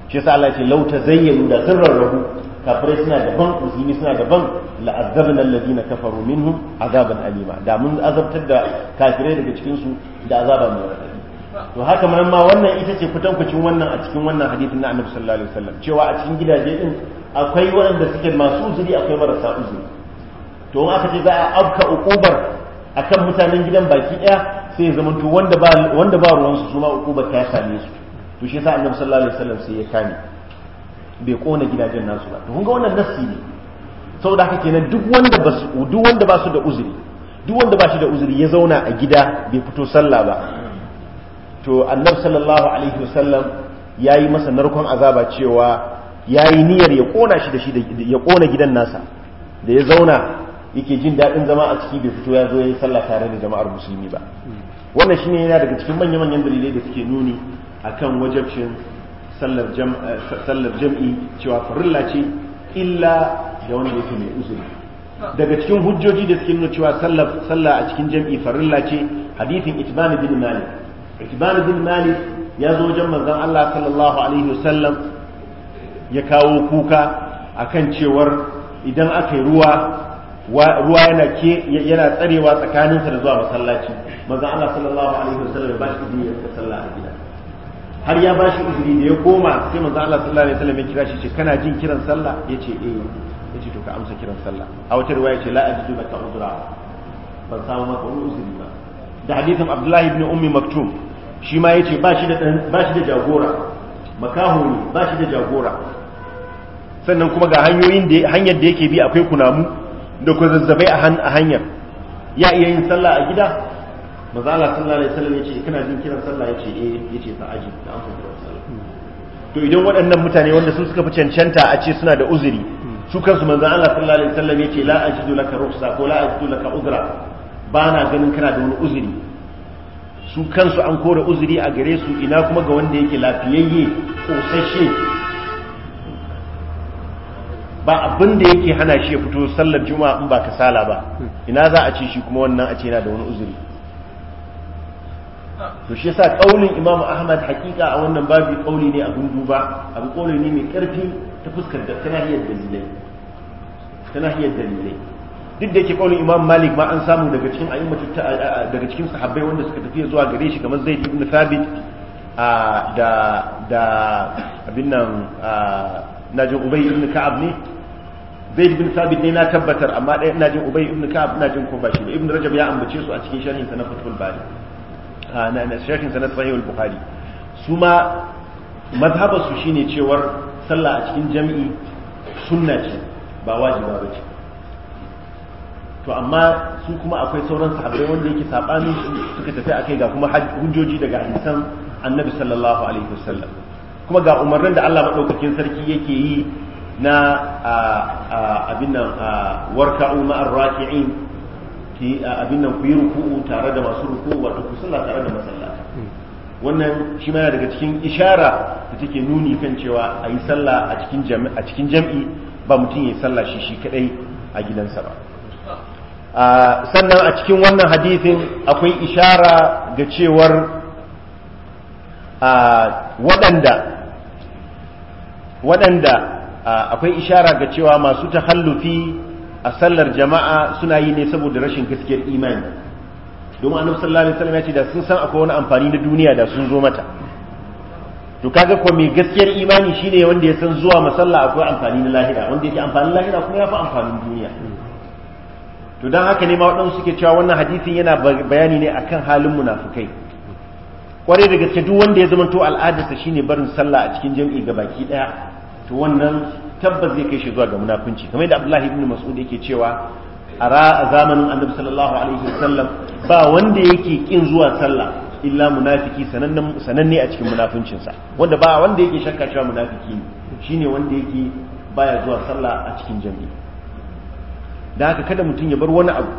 shi yasa Allah ya ce lauta tazayyanu da sirrarrahu kafirai suna daban musulmi suna daban la'azzabna alladhina kafaru minhum azaban alima da mun azabtar da kafirai daga cikin su da azaba mai radadi to haka ma wannan ita ce cin wannan a cikin wannan hadisin na Annabi sallallahu alaihi wasallam cewa a cikin gidaje din akwai waɗanda suke masu uzuri akwai marasa uzuri to aka ce za a abka ukubar akan mutanen gidan baki ɗaya sai ya zama wanda ba wanda ba ruwansu su ma ukubar ta same su to shi yasa annabi sallallahu alaihi wasallam sai ya kame bai kona gidajen nasu ba to kun ga wannan nassi ne saboda haka kenan duk wanda ba su duk wanda ba su da uzuri duk wanda ba shi da uzuri ya zauna a gida bai fito sallah ba to annabi sallallahu alaihi wasallam yayi masa narkon azaba cewa Ya yi niyyar ya kona shi da shi ya kona gidan nasa da ya zauna yake jin daɗin zama a ciki bai fito ya zo ya yi sallah tare da jama'ar musulmi ba wannan shine yana daga cikin manya manyan dalilai da suke nuni akan wajabcin eh, sallar jam'i cewa farilla ce illa da wanda yake mai uzuri daga cikin hujjoji da suke nuna cewa sallah a cikin jam'i farilla ce hadithin itban bin malik itban bin malik ya zo wajen manzon Allah sallallahu alaihi wasallam ya kawo kuka a kan cewar idan aka yi ruwa ruwa yana ke yana tsarewa tsakaninsa da zuwa masallaci maza Allah sallallahu alaihi wasallam ya bashi izini ya fita sallah a gida har ya bashi izini da ya koma sai maza Allah sallallahu alaihi wasallam ya kira shi ce kana jin kiran sallah Ya ce eh ce to ka amsa kiran sallah a wata riwaya ce la ajidu baka uzra ban samu maka wani uzuri ba da hadithin Abdullahi ibn Ummi Maktum shi ma ce ba shi da ba shi da jagora makaho ne ba shi da jagora sannan kuma ga hanyoyin da hanyar da yake bi akwai kunamu da zazzabai a hanyar ya iya yin sallah a gida maza Allah sallallahu alaihi wasallam yace kana jin kiran sallah yace eh yace fa aji da an fara sallah to idan waɗannan mutane wanda sun suka fi cancanta a ce suna da uzuri su kansu manzo Allah sallallahu alaihi wasallam yace la ajidu laka rukhsa ko la ajidu laka udra ba na ganin kana da wani uzuri su kansu an kore uzuri a gare su ina kuma ga wanda yake lafiyayye sashe ba abin da yake hana shi ya fito sallar juma'a in ba kasala ba ina za a ce shi kuma wannan a ce yana da wani uzuri to shi yasa kaulin imamu ahmad hakika a wannan babi kauli ne a duba a kauli ne mai karfi ta fuskar da tana hiyar dalilai tana hiyar dalilai duk da yake kaulin imam malik ma an samu daga cikin a'immatu daga cikin sahabbai wanda suka tafi zuwa gare shi kamar zaid ibn thabit da da abin nan na jin ubay ibn ka'ab ne zaid bin sabit ne na tabbatar amma ɗaya ina jin ubay ibn ka'ab ina jin ko ba shi ibn rajab ya ambace su a cikin sharhin sa na fathul bari ah, na sharhin sa na sahih al-bukhari su ma mazhabar su shine cewar sallah a cikin jami'i sunna ce ba wajiba ba ce to amma su kuma akwai sauran sahabbai wanda yake su suka tafi akai ga kuma hujjoji daga hadisan annabi sallallahu alaihi wasallam kuma ga umarnin da Allah madaukakin sarki yake yi na abin nan warka ma'ar raki'in ki abin nan ku yi ruku'u tare da masu ruku'u wato ku sallah tare da masallata wannan shi ma daga cikin ishara da take nuni kan cewa a yi sallah a cikin jami'i a cikin jami'i ba mutum ya yi sallah shi shi kadai a gidansa ba sannan a cikin wannan hadithin akwai ishara ga cewar waɗanda waɗanda akwai ishara ga cewa masu tahallufi a sallar jama'a suna yi ne saboda rashin gaskiyar imani domin annabi sallallahu alaihi wasallam ya ce da sun san akwai wani amfani na duniya da sun zo mata to kaga ko mai gaskiyar imani shine wanda ya san zuwa masalla akwai amfani na lahira wanda yake amfanin lahira kuma ya fi amfanin duniya to don haka ne ma waɗansu suke cewa wannan hadisin yana bayani ne akan halin munafukai kwarai da gaske duk wanda ya zama to al'adarsa shine barin sallah a cikin jam'i baki daya to wannan tabbas zai kai shi zuwa ga munafunci kamar da Abdullahi ibn Mas'ud yake cewa a a zamanin Annabi sallallahu alaihi wasallam ba wanda yake kin zuwa sallah illa munafiki sananne a cikin munafuncinsa wanda ba wanda yake shakka cewa munafiki ne shine wanda yake baya zuwa sallah a cikin jami'i da haka kada mutum ya bar wani abu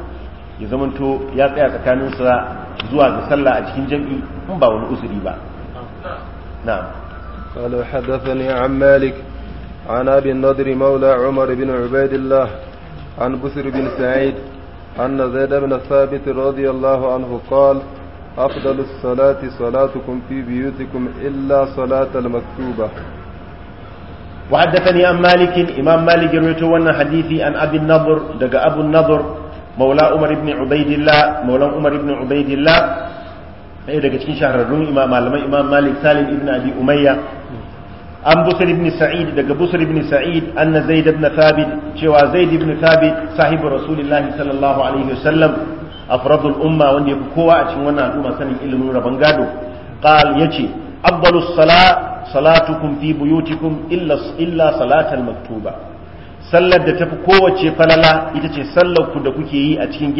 ya zamanto ya tsaya tsakanin tsakaninsa zuwa ga sallah a cikin jami'i in ba wani uzuri ba na'am قال حدثني عن مالك عن أبي النضر مولى عمر بن عبيد الله عن بسر بن سعيد أن زيد بن ثابت رضي الله عنه قال أفضل الصلاة صلاتكم في بيوتكم إلا صلاة المكتوبة وحدثني عن مالك إمام مالك رويته حديثي عن أبي النضر دق أبو النضر مولى عمر بن عبيد الله مولى عمر بن عبيد الله ɗaya daga cikin shahararrun imam malamai imam malik salim ibn abi umayya an busur ibn sa'id daga busur ibn sa'id anna Zaidab ibn thabit cewa zaid ibn thabit sahibu rasulullahi sallallahu alaihi wasallam afradul umma wanda yafi kowa a cikin wannan al'umma sanin ilimin rabon gado qal yace afdalus sala salatukum fi buyutikum illa illa salatal maktuba sallar da tafi kowacce falala ita ce sallar ku da kuke yi a cikin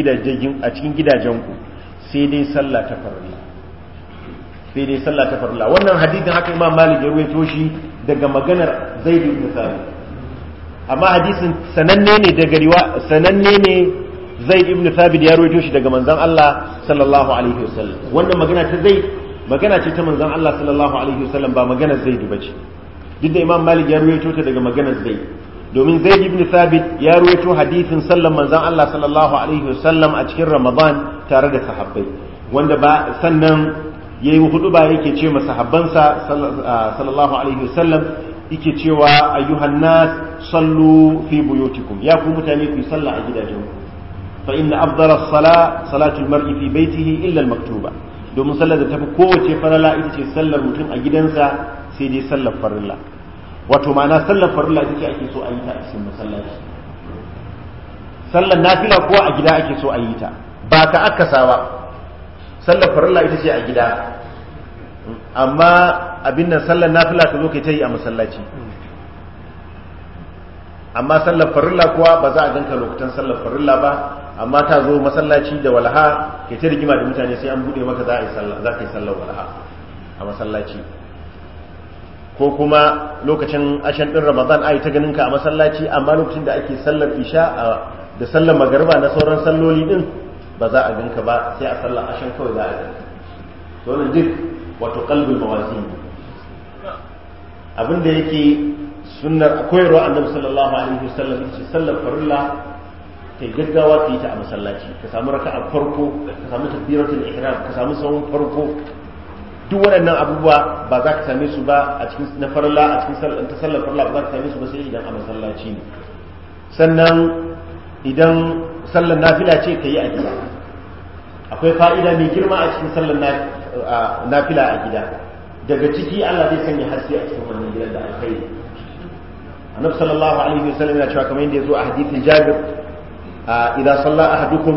gidajenku, sai dai sallah ta farko sai dai sallah ta farla wannan hadithin haka imam malik ya ruwaito shi daga maganar zaid ibn thabit amma hadisin sananne ne daga riwa sananne ne zaid ibn thabit ya ruwaito shi daga manzon Allah sallallahu alaihi wasallam wannan magana ta zaid magana ce ta manzon Allah sallallahu alaihi wasallam ba magana zaid bace duk da imam malik ya ruwaito ta daga maganar zaid domin zaid ibn thabit ya ruwaito hadisin sallan manzon Allah sallallahu alaihi wasallam a cikin ramadan tare da sahabbai wanda ba sannan yayi hudu ba yake ce masahabbansa ah, sallallahu alaihi wasallam yake cewa ayyuhan nas sallu fi buyutikum ya ku mutane ku sallah a gidajenku fa inna afdala as-sala salatul mar'i fi baytihi illa al-maktuba domin sallar da tafi kowace farilla ita ce sallar mutum a gidansa sai dai sallar farilla wato ma'ana sallar farilla ita ce ake so a yi ta a cikin masallaci sallar nafila kuwa a gida ake so a yi ta ba ta akasa ba sallar farilla ita ce a gida amma abin nan sallar nafila ka zo kai ta yi a masallaci amma sallar farilla kuwa ba za a ganka lokutan sallar farilla ba amma ta zo masallaci da walaha kai ta rigima da mutane sai an bude maka za a yi ka yi sallar walaha a masallaci ko kuma lokacin ashen din ramadan ai ta ganin ka a masallaci amma lokacin da ake sallar isha da sallar magariba na sauran salloli din ba za a ganka ba sai a sallar ashan kawai za a ganka to wannan duk wato qalbul mawazi abin da yake sunnar koyarwa annabi sallallahu alaihi wasallam ita sallar farilla ta gaggawa ta yi ta a masallaci ka samu raka'a farko ka samu takbiratul ihram ka samu sahun farko duk waɗannan abubuwa ba za ka same su ba a cikin na farilla a cikin ta sallar farilla ba za ka same su ba sai idan a masallaci ne sannan idan sallar nafila ce ka yi a gida akwai fa'ida mai girma a cikin sallar nafila a gida daga ciki Allah zai sanya haske a cikin wannan gidan da alkhairi annabi sallallahu alaihi wasallam yana cewa kamar yadda ya zo a hadithin Jabir idan salla ahadukum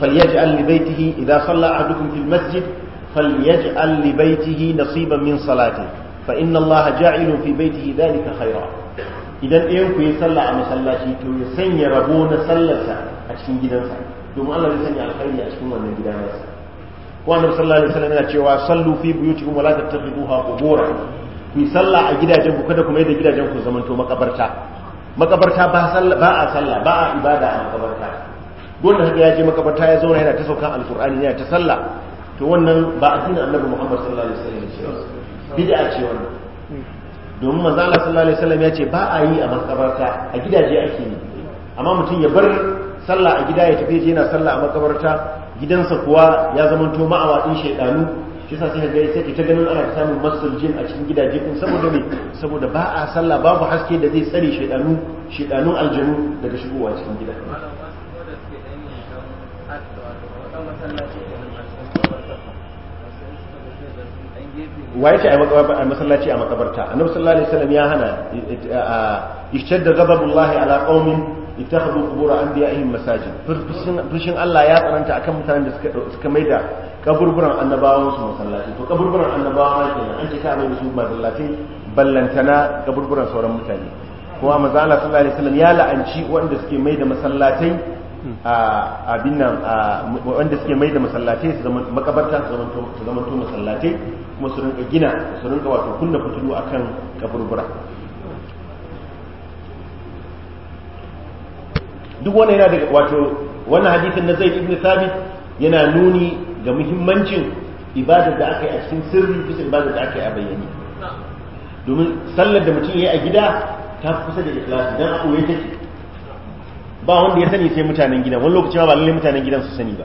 falyaj'al li baytihi idan salla ahadukum fil masjid falyaj'al li baytihi nasiban min salati fa inna Allah ja'ilun fi baytihi dhalika khayra idan ɗayan ku yi sallah a masallaci to ya sanya rabo na sallarsa a cikin gidansa domin Allah zai sanya alkhairi a cikin wannan gida nasa ko annabi sallallahu alaihi wasallam yana cewa sallu fi buyutikum wa la tattakhiduha qubura ku yi sallah a gidajen ku kada ku kuma da gidajen ku zamanto makabarta makabarta ba sallah ba a sallah ba a ibada a makabarta gonda haka ya je makabarta ya zauna yana ta saukan alqur'ani yana ta sallah to wannan ba addinin annabi Muhammad sallallahu alaihi wasallam bid'a ce wannan domin maza Allah sallallahu alaihi wasallam ya ce ba a yi a makabarta a gidaje ake yi amma mutum ya bar sallah a gida ya tafi yana sallah a makabarta gidansa kuwa ya zamanto ma'awa din shaydanu shi sa sai ga sai ta ganin ana samun masul jin a cikin gidaje kun saboda me saboda ba a sallah babu haske da zai tsare shaydanu shaydanun aljanu daga shigowa cikin gida wa yake a masallaci a makabarta annabi sallallahu alaihi wasallam ya hana ishtadda ghadabullahi ala qaumin ittakhadhu qubur anbiya'ihim masajid fushin Allah ya tsananta akan mutanen da suka suka maida kaburburan annabawa su masallaci to kaburburan annabawa kenan an ce ka mai musu masallaci ballantana kaburburan sauran mutane kuma manzo Allah sallallahu alaihi wasallam ya la'anci wanda suke maida masallatai abin nan wanda suke mai da masallatai su zama makabarta su zama to masallatai kuma su rinka gina su rinka wato kunna fitilu akan kaburbura duk wannan yana daga wato wannan hadisin na zai ibn Thabit yana nuni ga muhimmancin ibadar da aka yi a cikin sirri bisa ibadar da aka yi a bayyane domin sallar da mutum ya yi a gida ta fi kusa da ikhlasi dan abu yake take ba wanda ya sani sai mutanen gidan wani lokaci ma ba lallai mutanen gidan su sani ba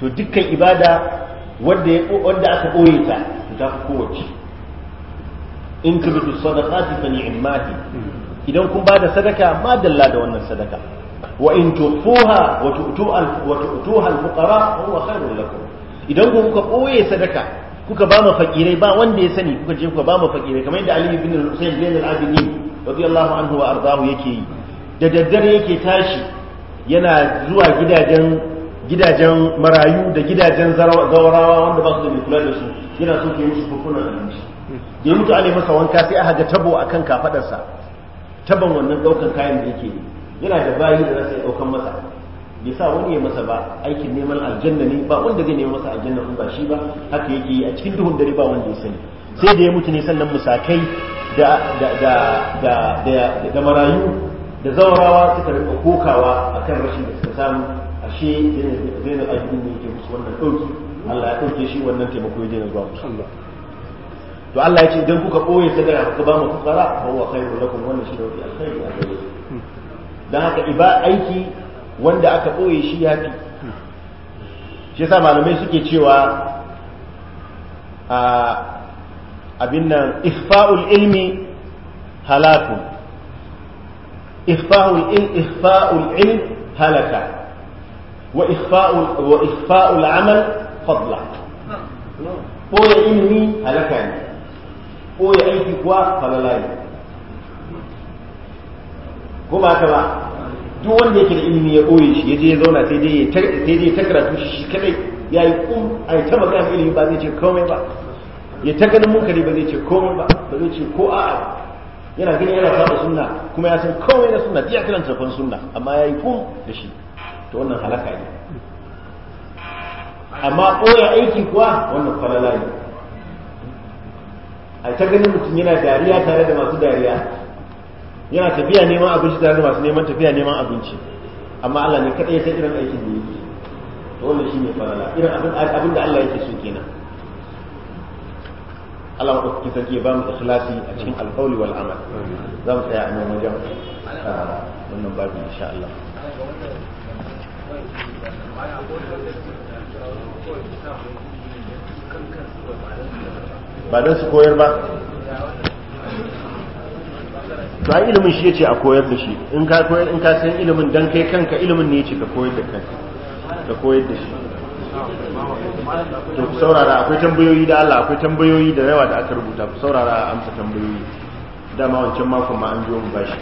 to dukkan ibada wanda aka koye ta ta fi kowace in tubdu sadaqati fa ni'mati idan kun bada sadaka ma dalla da wannan sadaka wa in tufuha wa tu'tuha al-fuqara huwa khairun lakum idan kun kuka koye sadaka kuka ba mu fakirai ba wanda ya sani kuka je kuka ba mu fakirai kamar yadda Ali ibn al-Husayn bin al-Abidin radiyallahu anhu wa ardahu yake yi da daddare yake tashi yana zuwa gidajen gidajen marayu da gidajen zawarawa wanda ba su da kula da su yana so ke musu kokuna da shi da mutu Ali masa wanka sai aka tabo akan kafadarsa taban wannan daukan kayan da yake yana da bayi da za su daukan masa bai sa wani ya masa ba aikin neman aljanna ne ba wanda zai nema masa aljanna ba shi ba haka yake yi a cikin duhun dare ba wanda ya sani sai da ya mutu ne sannan musakai da da da da da marayu da zawarawa suka rika kokawa akan rashin da suka samu ashe zainab ajibin ne yake musu wannan dauki Allah ya dauke shi wannan taimako ya daina zuwa musu to Allah ya ce idan kuka ɓoye sadaka kuka ba mu fukara fa kai khairu lakum wannan shi da wani alkhairi a gare hmm. dan haka iba aiki wanda aka ɓoye shi ya fi shi sa malamai suke cewa a abin nan ifa'ul ilmi halaku. ifa'ul ilm ifa'ul ilm halaka wa ifa'ul wa ifa'ul amal fadla ɓoye ilmi halaka ne ɓoye aiki kuwa falala ne ko ba ta ba duk wanda yake da ilimi ya koye shi yaje ya zauna sai dai sai dai ta karatu shi kadai yayi kum ai ta magana ilimi ba zai ce komai ba ya ta ganin munkari ba zai ce komai ba ba zai ce ko a'a yana gani yana saba sunna kuma ya san komai na sunna ya karanta fan sunna amma yayi kum da shi to wannan halaka ne amma koya aiki kuwa wannan falala ne a ta ganin mutum yana dariya tare da masu dariya yana tafiya neman abinci tare da masu neman tafiya neman abinci amma Allah ne kadai ya san irin aikin da yake to wannan shine farala irin abin abin da Allah yake so kenan Allah ma ɗauki sarki ya ba mu ikhlasi a cikin alƙawli wal amal za mu tsaya a nan wajen wannan babu insha Allah ba don su koyar ba to ai ilimin shi yace a koyar da shi in ka koyar in ka san ilimin dan kai kanka ilimin ne yace ka koyar da kanka ka koyar da shi to ku saurara akwai tambayoyi da Allah akwai tambayoyi da yawa da aka rubuta ku saurara a amsa tambayoyi dama wancan makon ma an biyo mu bashi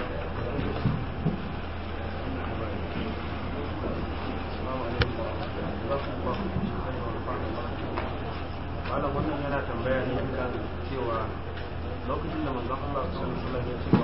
wannan yana tambaya ne kan cewa lokacin da manzon Allah sallallahu alaihi wasallam ya ce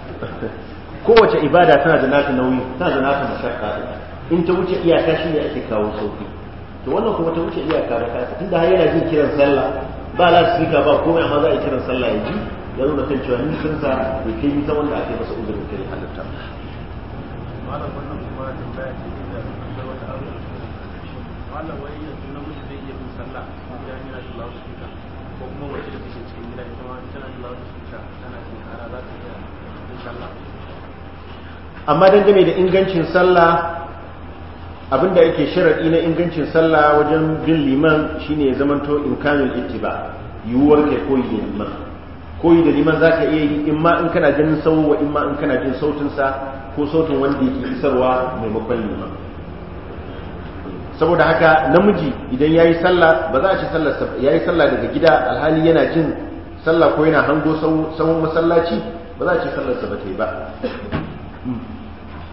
kowace ibada tana da nata nauyi tana da nata mashakka in ta wuce iyaka shi ne ake kawo sauki to wannan kuma ta wuce iyaka da kasa tunda har yana jin kiran sallah ba la su ba komai amma za a yi kiran sallah ya ji ya nuna kan cewa ni sun sa bai kai nisan wanda ake masa uzurin kai halitta malam wannan kuma tambaya ce da da wata aure malam wai yanzu na namiji zai iya bin sallah ya yi rashin lafiya ko kuma wace da take cikin gida ita ma tana da lafiya tana cikin hara za ta iya amma dangane da ingancin sallah abinda yake sharaɗi na ingancin sallah wajen bin liman shine ya zamanto imkanul ittiba yiwuwar kai koyi da liman koyi da liman za ka iya yi in ma in kana ganin sawo wa in ma in kana jin sautin sa ko sautin wanda yake isarwa maimakon liman saboda haka namiji idan yayi sallah ba za a ci sallar yayi sallah daga gida alhali yana jin sallah ko yana hango sawon masallaci ba za a ce sallarsa ba ta yi ba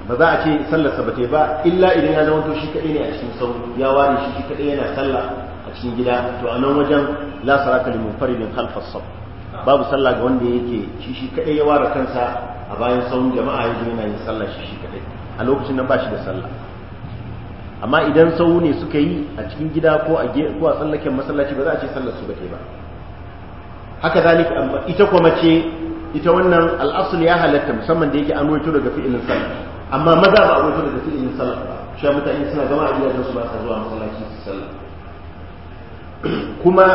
ba za a ce ba ba illa idan ya zama to shi kadai ne a cikin sau ya ware shi shi kadai yana sallah a cikin gida to a nan wajen la salata lil munfaridin khalfas saf babu sallah ga wanda yake shi shi kadai ya ware kansa a bayan sau jama'a ya yana yin sallah shi shi kadai a lokacin nan ba shi da sallah amma idan sau ne suka yi a cikin gida ko a ko a tsallaken masallaci ba za a ce sallar su ba ta yi ba haka zalika ita kuma ce ita wannan al'asul ya halatta musamman da yake an waito daga fi'ilin salaf amma maza ba a waito daga fi'ilin salaf ba shi mutane suna zama a gidajen su ba sa zuwa masallaci su sallah kuma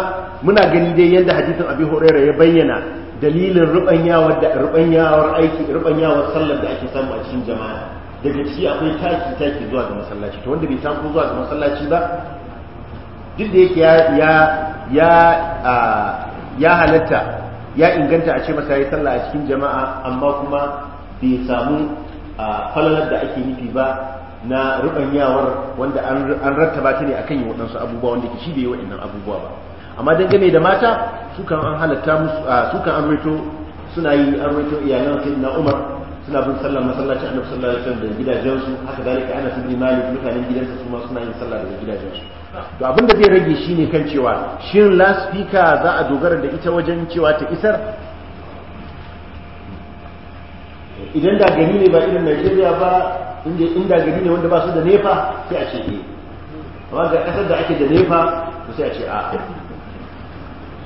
muna gani dai yadda hadisin abi huraira ya bayyana dalilin rubanyawar da rubanyawar aiki rubanyawar sallar da ake samu a cikin jama'a daga ciki akwai taki taki zuwa ga masallaci to wanda bai taso zuwa ga masallaci ba duk da yake ya ya ya halatta ya inganta a ce masa yi sallah a cikin jama'a amma kuma bai samu a falalar da ake nufi ba na rubanyawar wanda an rattaba ta ne akan yi waɗansu abubuwa wanda ke shi bai yi waɗannan abubuwa ba amma dangane da mata sukan an halatta musu sukan an suna yi an rito iyalan na Umar suna bin sallah masallacin annabi sallallahu alaihi wasallam gidajensu haka dalika ana sun bi malik mutanen gidansa su ma suna yin sallah daga gidajensu to abin da zai rage shi ne kan cewa shin laspika za a dogara da ita wajen cewa ta isar idan da gari ne ba irin Najeriya ba inda inda gari ne wanda ba su da nefa sai a ce eh amma ga kasar da ake da nefa sai a ce a'a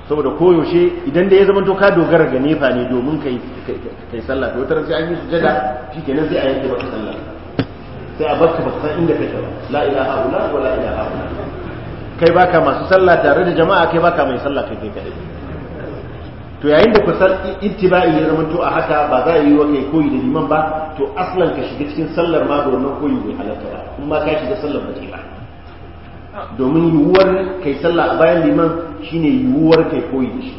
saboda koyaushe idan da ya zama to ka dogara ga nefa ne domin kai kai sallah to tarzi sai an yi sujada kenan sai a yanke maka sallah sai a barka baka san inda kake ba la ilaha illa wa la ilaha kai baka masu sallah tare da jama'a kai baka mai sallah kai kai kadai to yayin da san ittiba'i ya zama to a haka ba za a yi wa kai koyi da liman ba to aslan ka shiga cikin sallar ma da wannan koyi bai halatta ba kuma ka shiga sallar ba ba domin yiwuwar kai sallah a bayan liman shine yiwuwar kai koyi da shi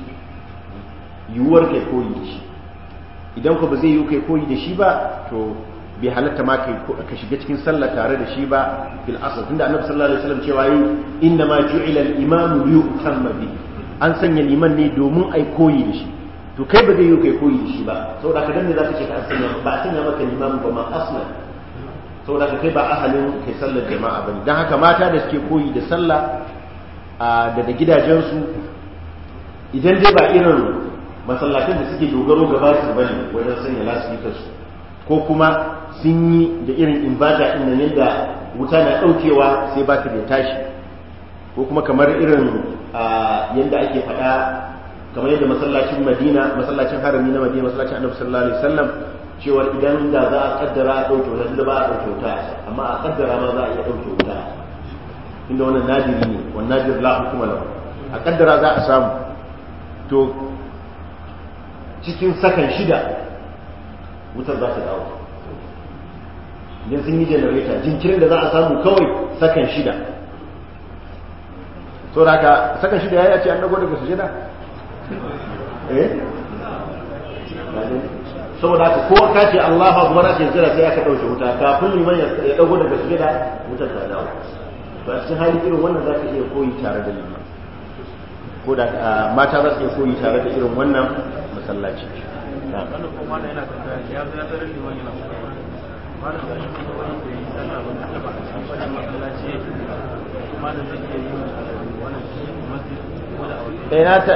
yiwuwar kai koyi da shi idan ko ba zai yiwu kai koyi da shi ba to bai halatta ma kai ka shiga cikin sallah tare da shi ba fil asr tunda annabi sallallahu alaihi wasallam cewa yi inna ma ju'ila al imam li yutamma bi an sanya liman ne domin ai koyi da shi to kai ba zai yiwu kai koyi da shi ba saboda ka danne zaka ce ka sanya ba a sanya maka liman ba ma aslan saboda kai ba ahalin kai sallar jama'a ba dan haka mata da suke koyi da sallah da gidajensu idan dai ba irin masallacin da suke dogaro gaba su bane wajen sanya lasifika su ko kuma sun yi da irin inbata din nan yadda wuta na daukewa sai ba ta da tashi ko kuma kamar irin yadda ake faɗa kamar yadda masallacin Madina masallacin harami na Madina masallacin Annabi sallallahu alaihi wasallam cewa idan da za a kaddara a ɗauke wuta tunda ba a ɗauke wuta amma a kaddara ma za a iya ɗauke wuta inda wannan nadiri ne wannan nadiri la hukuma lahu a kaddara za a samu to cikin sakan shida wutar za ta dawo idan sun yi janareta jinkirin da za a samu kawai sakan shida sauraka sakan shida ya yi a ce an dago daga sujada eh saboda haka ko ka ce Allahu akbar ake jira sai aka dauke wuta kafin liman ya dago daga sujada wutar ta dawo to a cikin hali irin wannan zaka iya koyi tare da liman ko da mata za su iya koyi tare da irin wannan masallaci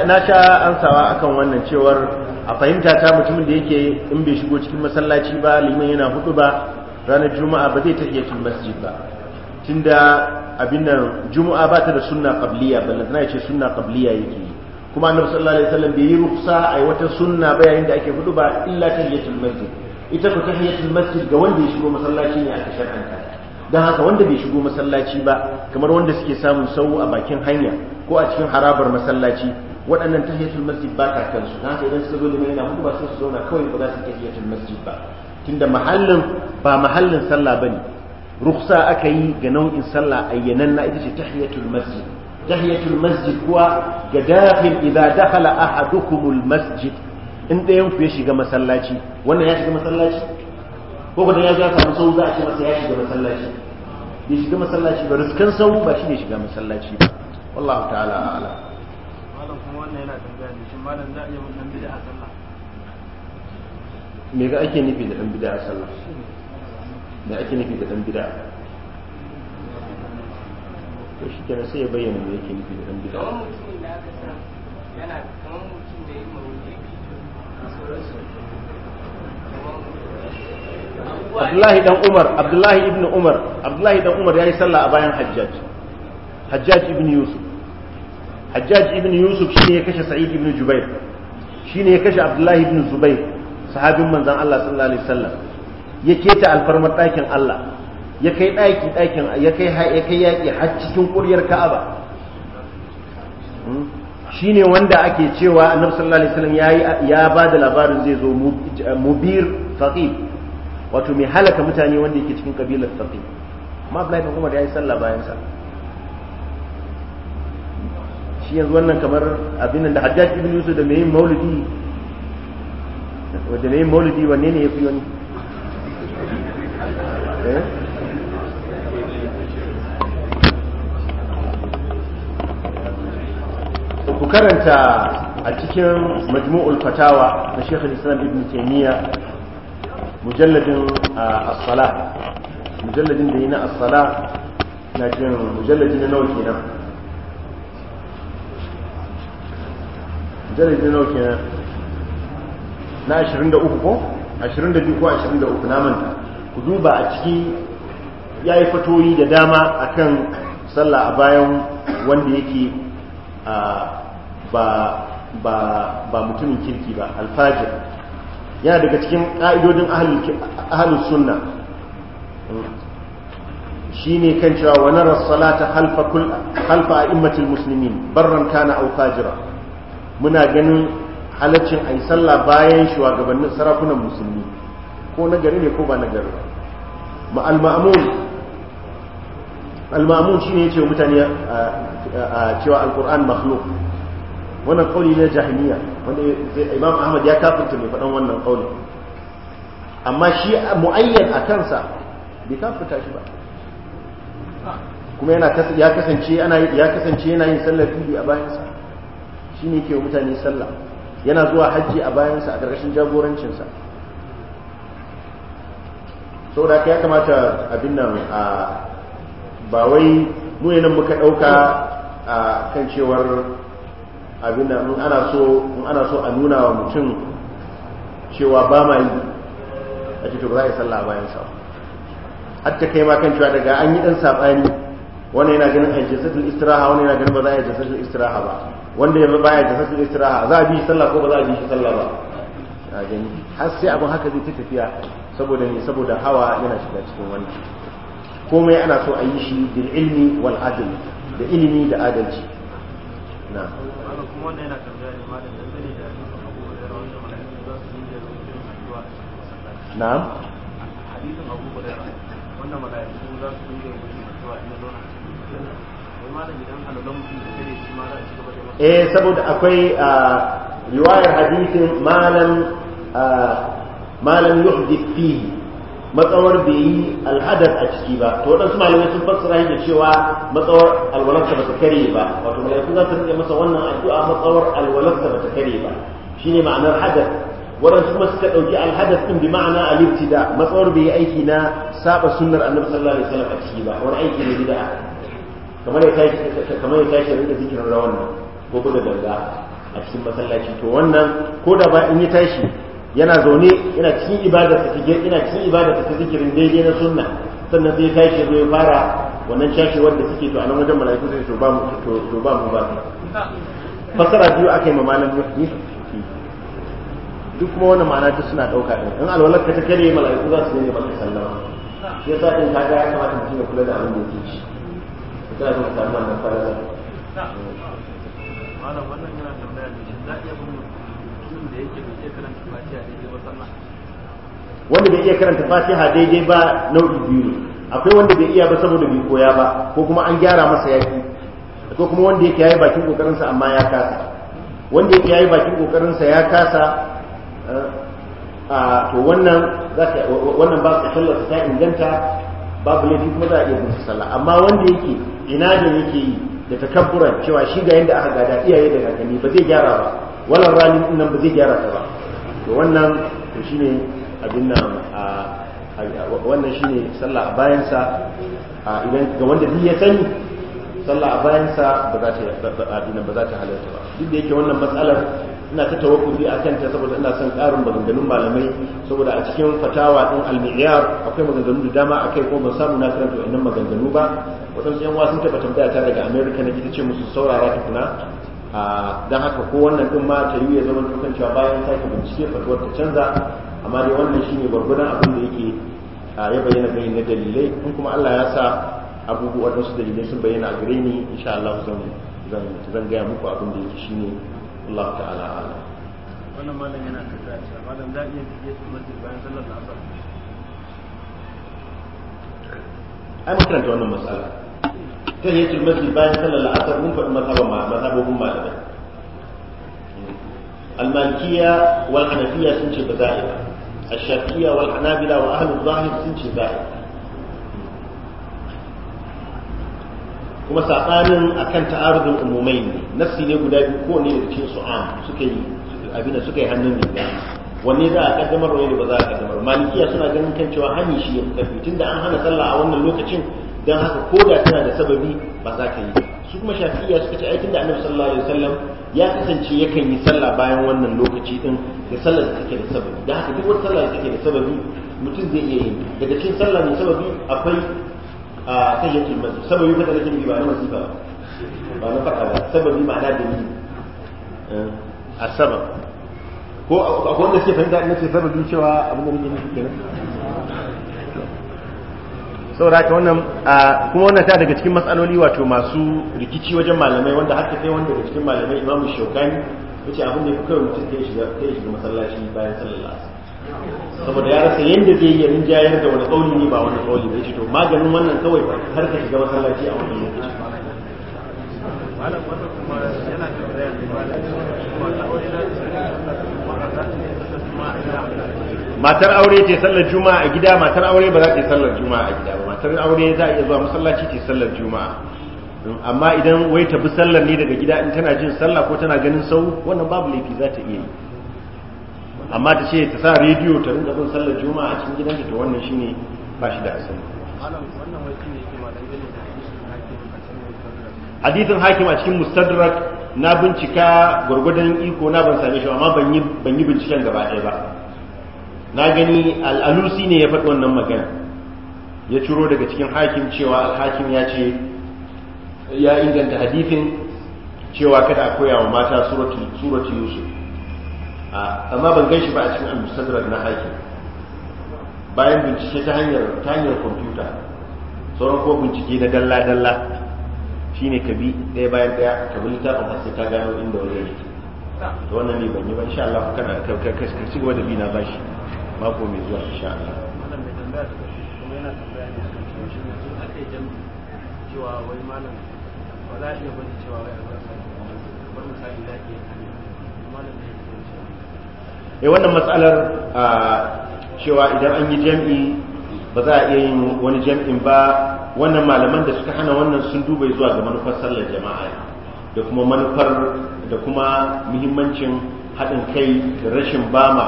na sha ansawa akan wannan cewar a fahimta ta mutumin da yake in bai shigo cikin masallaci ba liman yana hudu ba ranar juma'a ba zai tafiya cikin masjid ba tunda abin nan juma'a ba ta da sunna qabliya balla tana ce sunna qabliya yake kuma annabi sallallahu alaihi wasallam bai yi ruksa a wata sunna ba yayin da ake hudu ba illa cikin masjid ita ko cikin masjid ga wanda ya shigo masallaci ne aka shar'anta dan haka wanda bai shigo masallaci ba kamar wanda suke samun sau a bakin hanya ko a cikin harabar masallaci waɗannan tahiyatul masjid ba ta su na haka idan suka zo yana hudu ba sai su zauna kawai ba za su tahiyatul masjid ba tunda mahallin ba mahallin sallah bane ruksa aka yi ga nau'in sallah ayyanan na ita ce tahiyatul masjid tahiyatul masjid kuwa ga dakhil idza dakhala ahadukumul masjid in ɗayan ku ya shiga masallaci wannan ya shiga masallaci ko kuma ya ga samu sau za a ce masa ya shiga masallaci ya shiga masallaci ba ruskan sau ba shi ne shiga masallaci ba wallahu ta'ala a'lam malam kuma wannan yana tambaya ne shin malam za a sallah me ga ake nufi da dan bid'a sallah me ake nufi da dan bid'a to shi kenan sai ya bayyana me yake nufi da dan bid'a kamar mutum da aka san yana kamar mutum da ya Abdullahi dan Umar Abdullahi ibn Umar Abdullahi dan Umar yi sallah a bayan Hajjaj Hajjaj ibn Yusuf hajjaj ibn yusuf shine ya kashe sa'id ibn jubair shine ya kashe abdullahi ibn zubair sahabin manzon Allah sallallahu الله ya keta alfarmar ɗakin Allah ya kai yaƙi har cikin ƙuryar Ka'aba hmm? shine wanda ake cewa annabi sallallahu alaihi wasallam yayi ya ba da labarin zai zo mubir faqih wato mai halaka mutane wanda yake cikin kabilar faqih amma Abdullahi bin Umar yayi sallah bayan shi yanzu wannan kamar abin da hajjaj ibn yusuf da mai maulidi wajen mai maulidi wanne ne ya fi wani eh? ku karanta a cikin majmu'ul fatawa na shekul islam ibn taimiyya mujalladin ah, as-sala mujalladin da yi na as-sala na jin mujalladi na nawa kenan darasi nawa kenan na 23 ko 22 ko 23 na manta ku duba a ciki ya yi fatoyi da dama a kan sallah a bayan wanda yake ba mutumin kirki ba alfajir yana daga cikin ƙa'idodin ahalin sunna shi ne kan cewa wa nara salata halfa a'immatul imatin musulmi barranta na alfajira muna ganin halaccin a yi sallah bayan shugabannin sarakunan musulmi ko na gari ne ko ba na gari ba ma al-ma'mun al-ma'mun mutane a cewa al ƙuran makhluq wannan kauli ne jahiliya wanda imam ahmad ya kafinta mai faɗan wannan kauli amma shi mu'ayyan a kansa bai kafinta shi ba kuma ya kasance yana ya kasance yana yin sallar fili a bayansa shi ne ke mutane sallah yana zuwa hajji a bayansa a ƙarƙashin jagorancinsa saboda ya kamata abin nan a ba wai mu nan muka ɗauka a kan cewar abin nan in ana so in ana so a nuna wa mutum cewa ba ma yi a cikin ba za a yi sallah a bayansa. sa hatta kai ma kan cewa daga an yi dan saɓani, wani yana ganin hajjatul istiraha wani yana ganin ba za a yi hajjatul istiraha ba wanda yanzu baya da hasu istiraha za a bi sallah ko ba za a bi shi sallah ba a gani har sai abin haka zai ta tafiya saboda ne saboda hawa yana shiga cikin wani komai ana so a yi shi bil ilmi wal adl da ilimi da adalci na na'am hadisin abu hurairah wannan mala'iku za su yi da mutum addu'a in zauna eh saboda akwai ah, riwayar hadisin malam ah, malam yuhdith fihi matsawar bai yi alhadar a ciki ba to wadansu malamai sun fassara shi da cewa matsawar alwalarsa ba ta kare ba wato malaiku za su rike masa wannan addu'a matsawar alwalarsa ba ta kare ba shine ma'anar hadar wadansu kuma suka dauki alhadar din bi ma'ana al-ibtida matsawar bai yi aiki na saba sunnar annabi sallallahu alaihi wasallam a ciki ba wani aiki ne bid'a kamar ya tashi kamar ya tashi rinka zikirin rawan nan ko buga ganga a cikin masallaci to wannan ko da ba in ya tashi yana zaune yana cikin ibada ta cikin yana cikin ibada ta zikirin daidai na sunna sannan sai ya tashi zo ya fara wannan shashi wanda suke to a nan wajen mala'iku sai to ba mu to ba mu ba fasara biyu aka yi mamalan mutum duk kuma wannan ma'ana ta suna ɗauka ɗin in alwalar ka ta kare mala'iku za su ne maka sallama shi yasa in ka ga ya kamata mutum ya kula da abin da yake ci za a samu wannan fara. malam wannan yana tambaya ne za a iya bin mutum da yake bai karanta fatiha daidai ba wanda bai iya karanta fatiha daidai ba nau'i biyu ne akwai wanda bai iya ba saboda bai koya ba ko kuma an gyara masa yaki ko kuma wanda yake yayi bakin sa amma ya kasa wanda yake yayi bakin sa ya kasa eh, a to wannan za ka wannan ba su sallar ta inganta babu laifi kuma za a iya bin sallah amma wanda yake ina da yake yi da takabbura cewa shi ga yadda aka gada iyaye da kakanni ba zai gyara ba wannan rani nan ba zai gyara ta ba to wannan to shine abin nan a wannan shine sallah bayan sa idan ga wanda duk ya sani sallah a bayansa ba za ta adina ba za ta halarta ba duk da yake wannan matsalar ina ta tawakkufi a kanta saboda ina son karin maganganun malamai saboda a cikin fatawa ɗin almiyar akwai maganganu da dama a kai ko ban samu na karanta wannan maganganu ba waɗansu yan wasu ta tambaya ta daga amerika na kike ce musu saurara ta a don haka ko wannan din ma ta yi ya zama tukan cewa bayan sake bincike fatuwar ta canza amma dai wannan shine gwargwadon abin da yake ya bayyana bayyana dalilai in kuma allah ya sa abubuwa waɗansu dalilai sun bayyana a gare ni insha Allah zan zan zan gaya muku abin da yake shine Allah ta'ala ala wannan malam yana malam iya tafiye su masjid bayan sallar asar ai mun karanta wannan mas'ala tahiyatul masjid bayan sallar asar mun faɗi mazhabin mazhabobin malamai المالكية والحنفية سنشي بزائر الشافعية والحنابلة وأهل الظاهر سنشي بزائر kuma saɓanin kan ta'arudin umumai ne nafsi ne guda biyu ko ne da cikin su am suka yi abin da suka yi hannun ne wanne za a kaddamar wani da ba za a kaddamar malikiya suna ganin kan cewa hanyar shi ya karfi da an hana sallah a wannan lokacin don haka ko da tana da sababi ba za ka yi su kuma shafi'iyya suka ce aikin da annabi sallallahu alaihi wasallam ya kasance yakan yi sallah bayan wannan lokaci din da sallar da take da sababi da haka duk wata sallah da take da sababi mutum zai iya yi daga cikin sallah mai sababi akwai a kai yake mazi sababi fata nake ba na wasifa ba na faɗa ba sababi ma'ana dalili a sabab ko akwai wanda ke fahimta ina ce sababi cewa abin da nake nufi kenan saboda haka wannan kuma wannan ta daga cikin matsaloli wato masu rikici wajen malamai wanda haka kai wanda daga cikin malamai imamu shaukani yace abin da ya fi kawai mutum ta shiga masallaci bayan sallar asar saboda ya rasa yadda zai yi rinjayar da wani tsauni ne ba wani kauli ba to maganin wannan kawai har ka shiga masallaci a wannan lokaci matar aure ce sallar juma'a a gida matar aure ba za ta yi sallar juma'a a gida ba matar aure za a iya zuwa masallaci ce sallar juma'a amma idan wai ta bi sallar ne daga gida in tana jin sallah ko tana ganin sau wannan babu laifi za ta iya yi amma ta ce ta sa rediyo ta rinka bin sallar juma'a a cikin gidanta to wannan shine ba shi da asali hadithin hakim a cikin mustadrak na bincika gwargwadon iko na ban same shi amma ban yi binciken gaba ɗaya ba na gani al'alusi ne ya faɗi wannan magana ya ciro daga cikin hakim cewa alhakim ya ce ya inganta hadithin cewa kada a koya wa mata surati yusuf amma ban gan shi ba a cikin al-mustadrak na haƙi bayan bincike ta hanyar ta hanyar kwamfuta sauran ko bincike na dalla-dalla shine ka bi ɗaya bayan ɗaya ka bi littafin har sai ka gano inda wani yake to wannan ne ban yi ba insha Allah kana ka ka ci gaba da bi na bashi mako mai zuwa insha Allah wannan mai tambaya kuma yana tambaya ne shi ne sun aka yi jami'i cewa wai malam ba za a iya bani cewa wai albarka ba misali da ake malam ne eh wannan matsalar ah, cewa idan an yi jam'i ba za a iya yin wani jam'in ba wannan malaman da suka hana wannan sun duba zuwa ga manufar sallar jama'a da kuma manufar da kuma muhimmancin haɗin kai da rashin bama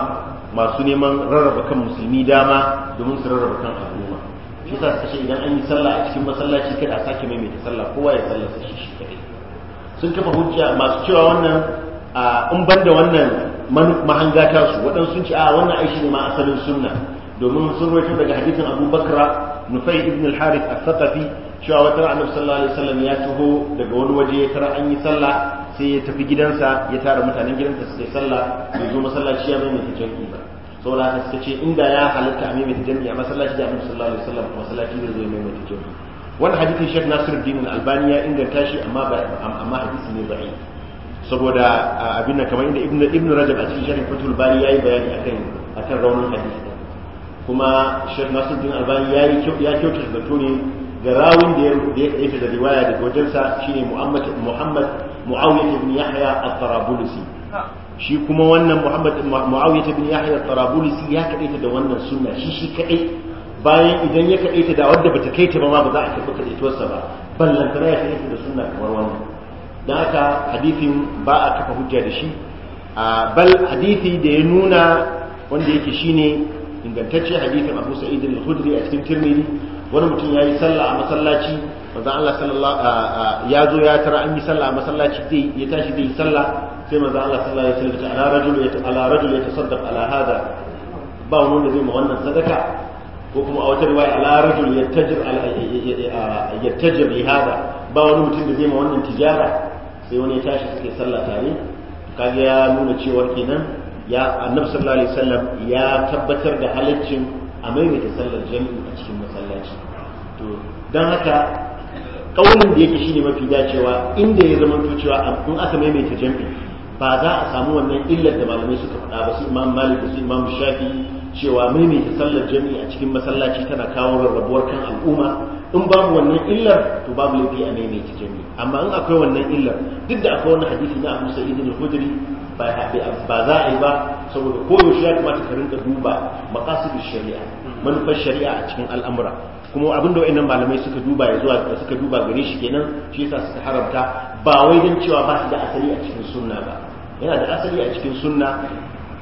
masu neman rarraba kan musulmi dama domin su rarraba kan al'umma shi sa suka ce idan an yi sallah a cikin masallaci kada a sake maimaita sallah kowa ya sallar sa shi shi kadai sun kafa hujja masu cewa wannan in ban da wannan mahanga ta su waɗansu sun ce a wannan aishi ne ma asalin sunna domin sun rawaito daga hadisin Abu Bakra Nufai ibn al-Harith al-Thaqafi cewa wata ran Annabi sallallahu alaihi wasallam ya taho daga wani waje ya tara an yi sallah sai ya tafi gidansa ya tara mutanen gidansa su yi sallah ya zo masallaci ya mai ta ba saboda haka suka ce inda ya halatta a mai jami'a masallaci da Annabi sallallahu alaihi wasallam masallaci zai mai mai wannan hadisin Sheikh Nasiruddin Al-Albani ya inganta shi amma amma hadisi ne bai saboda abin da kamar inda ibn ibn rajab a cikin sharh fatul bari yayi bayani akan akan raunin hadisi kuma shaykh nasiruddin albani yayi ya kyautar da tuni ga rawin da ya kaita da riwaya da wajensa shine muhammad muhammad muawiyah ibn yahya Al tarabulsi shi kuma wannan muhammad muawiyah ibn yahya at-tarabulsi ya kaita da wannan sunna shi shi kadai bayan idan ya kaita da wanda bata kaita ba ma ba za a karɓi kaitawarsa ba ballantana ya kaita da sunna kamar wannan don haka hadithin ba a kafa hujja da shi bal hadithi da ya nuna wanda yake shine ingantacce hadithin abu sa'id al-khudri a cikin tirmidhi wani mutum ya yi sallah a masallaci manzon Allah sallallahu ya zo ya tara an yi sallah a masallaci zai ya tashi zai yi sallah sai manzon Allah sallallahu alaihi wasallam ala rajul ya ala rajul ya tasaddaq ala hada ba wani da zai ma wannan sadaka ko kuma a wata riwaya ala rajul tajir ala yattajir li hada ba wani mutum da zai ma wannan tijara sai wani ya tashi suke sallah tare kaga ya nuna cewar kenan ya annabi sallallahu alaihi wasallam ya tabbatar da halaccin a maimaita sallar jami'i a cikin masallaci to dan haka kaulin da yake shine mafi dacewa inda ya zama cewa in aka maimaita jami'i ba za a samu wannan illar da malamai suka faɗa ba su imam malik su imam shafi cewa maimaita sallar jami'i a cikin masallaci tana kawo rarrabuwar kan al'umma in babu wannan illar to babu laifi a cikin jami'i amma in akwai wannan illar duk da akwai wani hadisi na Abu Sa'id al-Khudri ba za a yi ba saboda ko yaushe ya kamata ka rinka duba maqasidish shari'a manufar shari'a a cikin al'amura kuma abin da wa'annan malamai suka duba ya zuwa suka duba gare shi kenan shi yasa suka haramta ba wai dan cewa ba su da asali a cikin sunna ba yana da asali a cikin sunna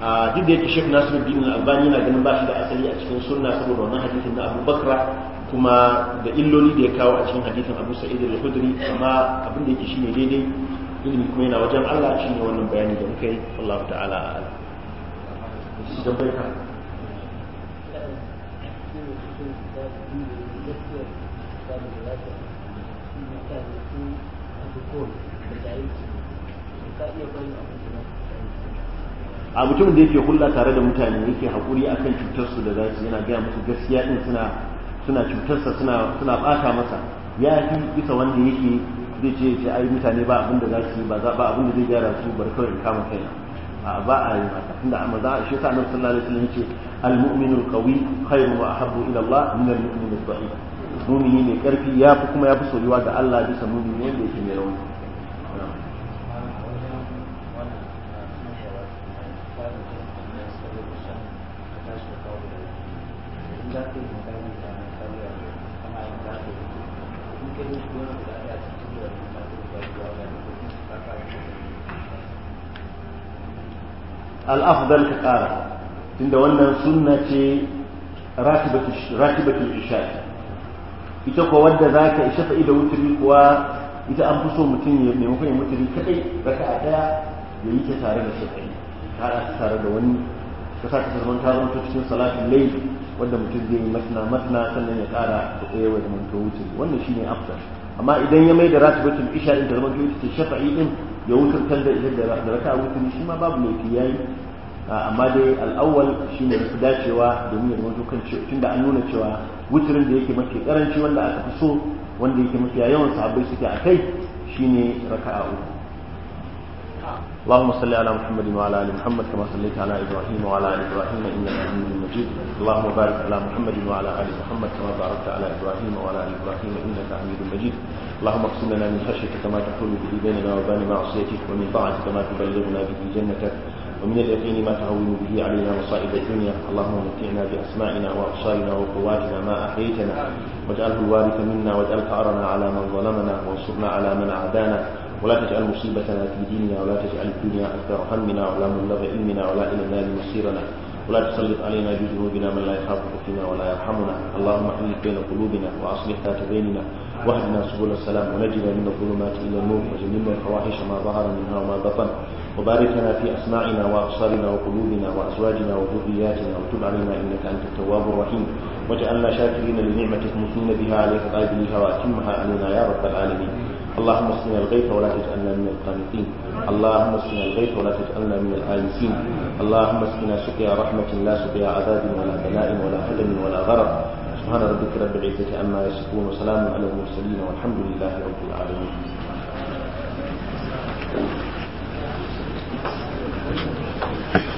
a duk da yake Sheikh Nasiruddin Al-Albani yana ganin ba shi da asali a cikin sunna saboda wannan hadisin na Abu Bakra kuma da illoli da ya kawo a cikin hadisin Abu Sa'id al hudri amma abin da yake shine daidai ilimi kuma yana wajen Allah shine wannan bayani da muka yi Allah ta'ala a'ala shi a mutumin da yake hulla tare da mutane yake haƙuri akan cutarsu da za su yana gaya musu gaskiya din suna suna cutarsa suna suna bata masa ya fi bisa wanda yake zai ce ce ai mutane ba abin da za su ba za ba abin da zai gyara su bar kawai in kama kaina a ba a yi haka tunda amma za a shi ta annabi sallallahu alaihi wasallam ce al mu'minu al qawi khairu wa ahabbu ila Allah min al mu'min al dha'if mumini mai karfi ya fi kuma ya fi soyuwa da Allah bisa mumini wanda yake mai rauni Thank you. الأفضل كقارة عند وانا سنة راتبة راتبة الإشاء إذا قود ذاك إشاء إذا وترك و إذا أنفسه متين يبني وكان يمتري كتي ركا أداء يليك سارة الشفعي كارة سارة دواني كسارة سارة من كارة من تشتين صلاة الليل wanda mutum zai yi masna masna sannan ya kara da ɗaya wa zamanto wutar wannan shi ne afdal amma idan ya mai da ratibatul isha in da zaman wutar ce shafa'i din ya wutar da idan da raka wutar shi ma babu mai yi. amma dai al'awwal ne fi dacewa domin ya zamanto kan tunda an nuna cewa wutarin da yake mafi karanci wanda aka fi so wanda yake mafi yawan sabai suke a kai shi shine raka'a uku اللهم صل على محمد وعلى ال محمد كما صليت على ابراهيم وعلى ال ابراهيم انك حميد مجيد اللهم بارك على محمد وعلى ال محمد كما باركت على ابراهيم وعلى ال ابراهيم انك حميد مجيد اللهم اقسم لنا من خشيتك كما تحول به بيننا وبين معصيتك ومن طاعتك ما تبلغنا به جنتك ومن اليقين ما تهون به علينا مصائب الدنيا اللهم متعنا باسمائنا وابصارنا وقواتنا ما احييتنا واجعله الوارث منا واجعل ثارنا على من ظلمنا وانصرنا على من عادانا ولا تجعل مصيبتنا في ديننا ولا تجعل الدنيا أكثر همنا ولا مبلغ علمنا ولا إلى النار مصيرنا ولا تسلط علينا بذنوبنا من لا يخافك فينا ولا يرحمنا اللهم الف بين قلوبنا وأصلح ذات بيننا واهدنا سبل السلام ونجنا من الظلمات إلى النور وجنبنا الفواحش ما ظهر منها وما بطن وبارك لنا في أسماعنا وأبصارنا وقلوبنا وأزواجنا وذرياتنا وتب علينا إنك أنت التواب الرحيم واجعلنا شاكرين لنعمتك مثنين بها عليك قابلها وأتمها علينا يا رب العالمين اللهم اسقنا الغيث ولا تجعلنا من القانطين اللهم اسقنا الغيث ولا تجعلنا من الآيسين اللهم اسقنا سقيا رحمة لا سقيا عذاب ولا بلاء ولا هدم ولا غرق سبحان ربك رب العزة عما يصفون وسلام على المرسلين والحمد لله رب العالمين Thank you.